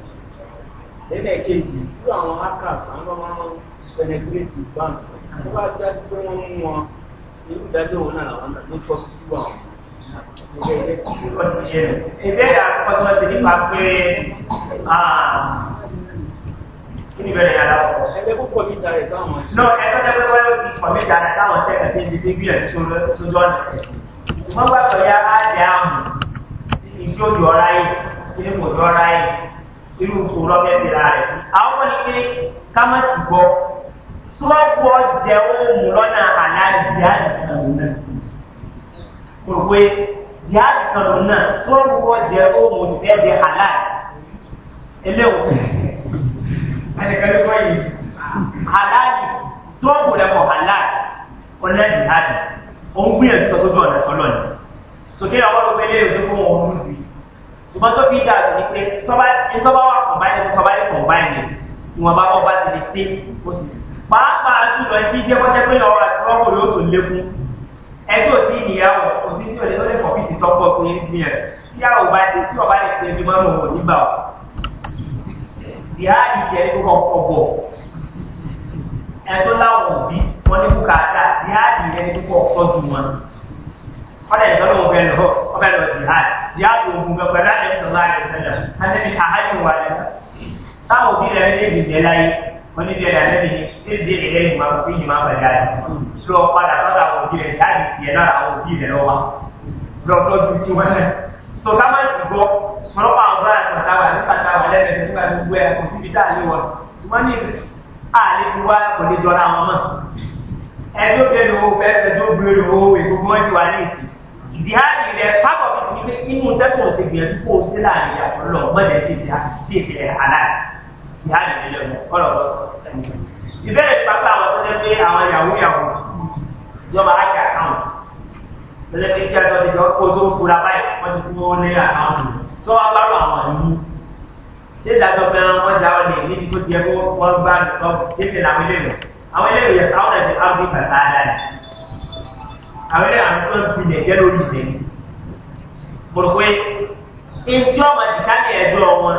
[SPEAKER 1] lẹ́lẹ̀ kejì irú àwọn hackers àwọn ọmọ wọn penetrate banks wọ́n bá já sí pé wọ́n mú wọn irú ìdájọ́ wọn náà làwọn náà ló tọ́ sí sí wọn. ìbéèrè àkọ́kọ́ ti nípa pé ah, ìbẹ̀rẹ̀ yàrá ọkọ̀. Ẹgbẹ́ púpọ̀ mi ta ẹ̀ sáwọn. Náà ẹgbẹ́ tẹ́gbẹ́ wáyé ti pọ̀ mí dára táwọn tẹ́gbẹ́ tí ń di dégbì ẹ̀ sójú ọ̀nà. Wọ́n gbà sọ ya á dẹ̀ àmù ìṣe òjò ọ̀rá yìí, ilé kò jọ ọ̀rá yìí, irú ìṣòro ọ̀fẹ́ ti ra rẹ̀. Àwọn ní pé ká má sì gbọ́. Sọ́ọ̀pù ọ̀jẹ̀ òòmù lọ́nà àlàyé ìyáàdì ẹnìkanlẹ̀ kọ́ yìí aláàdì tọ́ọ̀bù lẹ́kọ̀ọ́ aláàdì ọ̀nàdì àdì òun gbìyànjú sọ sójú ọ̀nà sọlọ ni sókè àwọn olùgbé lè ṣe fún òun lùdù yìí ṣùgbọ́n tó fi dáa sí ni pé tọ́ba wà kọ̀ǹbáyé tọ́ba lè kọ̀ǹbáyé ìwọ̀nba ọba ti lè ṣe ó sì pàápàá jùlọ ẹbí jẹ́ kọ́jẹ́ pé lọ́wọ́ àti rọ́pò yóò tó lékún ẹjọ́ sí ìyàwó òsì tí ò lè lọ́lẹ̀ fọ́fíìsì tọ́pọ̀ pé ń gbìyànjú tí àwọn ọba ti tí ọba lè ṣe ẹbí mọ́nà òun nígbà wọn ìyá ìjẹ́ tó rọ ọ̀bọ̀ ẹ̀tọ́ láwọn òbí wọn ní bùkátà ìyá ìjẹ́ ní kọ́ tọ́jú wọn ọ̀dẹ̀ ìtọ́lọ́ ọbẹ̀ lọ ọbẹ̀ lọ jihad jihad ogun gbẹgbẹ láti ẹ̀sìn láàrin ìṣẹ̀lẹ̀ àtẹ́bí àhájú wà lẹ́nu táwọn òbí rẹ̀ ní èdè ìjẹ́ láyé wọn ní ìjẹ́ àtẹ́bí ní èdè ìjẹ́ ìgbìmọ̀ àti ìgbìmọ̀ àbẹ̀dá lọ padà sọ́dọ̀ àwọn òbí rẹ̀ jihad ìjẹ́ lára àwọn òbí rẹ̀ lọ́wọ́ lọ́tọ́jú tí wọ́n náà so ká má ti gbọ́ ọlọ́pàá àwọn báyà gbogbo ẹ̀ kò síbi tá a lè wọ̀ ṣùgbọ́n ní àlékún wa kò ní jọra wọn mọ̀ ẹni ó bẹ̀rù owó fẹ́ ẹni ó bẹ̀rù owó ìgbógun wọn ti wà ní ìsìn ìdí àárín rẹ pápọ̀ mi ní inú sẹ́kùn ti gbìyànjú kó o sí láàrin ìyàtọ̀ lọ mọ́lẹ̀ sí ìdí sí ìdí aláì ìdí àárín rẹ lọ́wọ́ kọ́lọ̀ lọ ìbéèrè pàtó àwọn tó jẹ́ pé àwọn ìyàwó ìyàwó ìjọba àjà àkáwọn tó jẹ́ pé kí ẹjọ́ ti jọ kó tó fura báyìí wọ́n ti kú ó ní àkáwọn tó wá ṣé ìdájọ́ gan wọ́n já ọ lè níbi tó jẹ kó wọ́n bá ní sọ kéde làwọn eléyìí àwọn eléyìí yẹn sáwọn ẹ̀dẹ̀ áwọn ní bàtà àdáyé àwọn eléyìí àwọn tó ń fi lè jẹ́ lórí ìdè ní. pòròpé etí ọmọ ìdíkálẹ̀ ẹ̀dọ́ wọn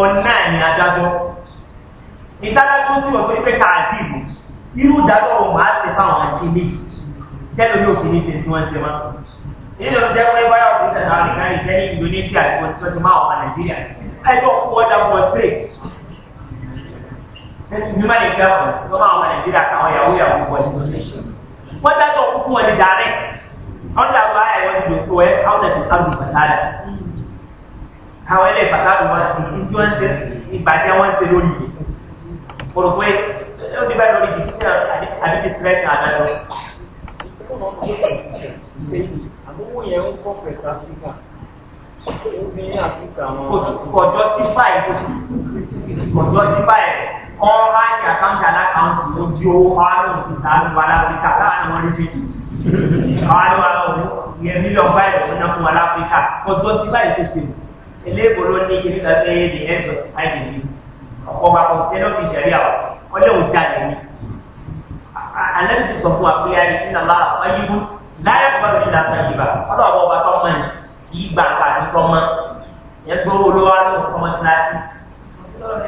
[SPEAKER 1] ọ̀nà ní adájọ́ ìdájọ́ sí wọ́n pé káàdìbò irú ìdájọ́ wọn máa ṣe fáwọn àti ilé jẹ́lómi òfin ní ṣe tí wọ́n ṣe wọn. nínú ìjẹ́pẹ́ báyọ̀ fún ìtàn àwọn ìkáyọ̀ jẹ́ ní indonesia tí wọ́n ti máa wà I don't want that was great. Mímọ́ ní ìfẹ́ wọn, wọ́n máa wọn Nàìjíríà káwọn yàwó yàwó wọlé lónìí. Wọ́n dájọ́ fún wọn ní dàrẹ́. Àwọn dàgbà ayé wọn ti dòkó ẹ, àwọn dàgbà kálù bàtàlà. Àwọn ẹlẹ́ bàtàlù wọn ti ní tí wọ́n ti ìbàjẹ́ wọn ti lórí yìí. Olùkọ́ ẹ ó bí báyìí lórí jìbìtì àbí dìsírẹ́ṣìn àdájọ́. Àbúrò yẹn ń kọ́ pẹ̀sà Áfíríkà kọjọ sífà ẹ̀ kò sí kọjọ sífà ẹ̀ kọ́ láti àkáǹtì alákàǹtì ó di owó ọ̀hánù ìsàlù aláfíríkà láàrin wọn níbi ìdí ọ̀hánù aláwọ̀ yẹn mílíọ̀nù báyìí lọ́wọ́ náà fún aláfíríkà kọjọ sífà ẹ̀ kò sí eléèbó ló ní kí nígbà pé the head of idb ọ̀pọ̀ bá kọ̀ọ̀tì ẹ̀rọ fi ṣẹ̀rí àwọn ọjọ́ òjà lè ní alẹ́ ti sọ fún wa pé ayé sí nàlá ọ̀yìnbó láyé kì í gbà kàbí kọ́mọ́ yẹn gbọ́ olówó àtúntò kọ́mọ́ síláṣí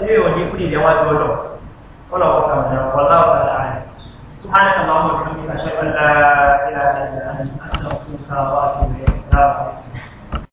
[SPEAKER 1] ilé òní kúrò ilé wájú ọlọ ọlọ ọkọ mi náà wọlá ọkọ náà rẹ سبحانك اللهم وبحمدك اشهد ان لا اله الا انت استغفرك
[SPEAKER 2] واتوب اليك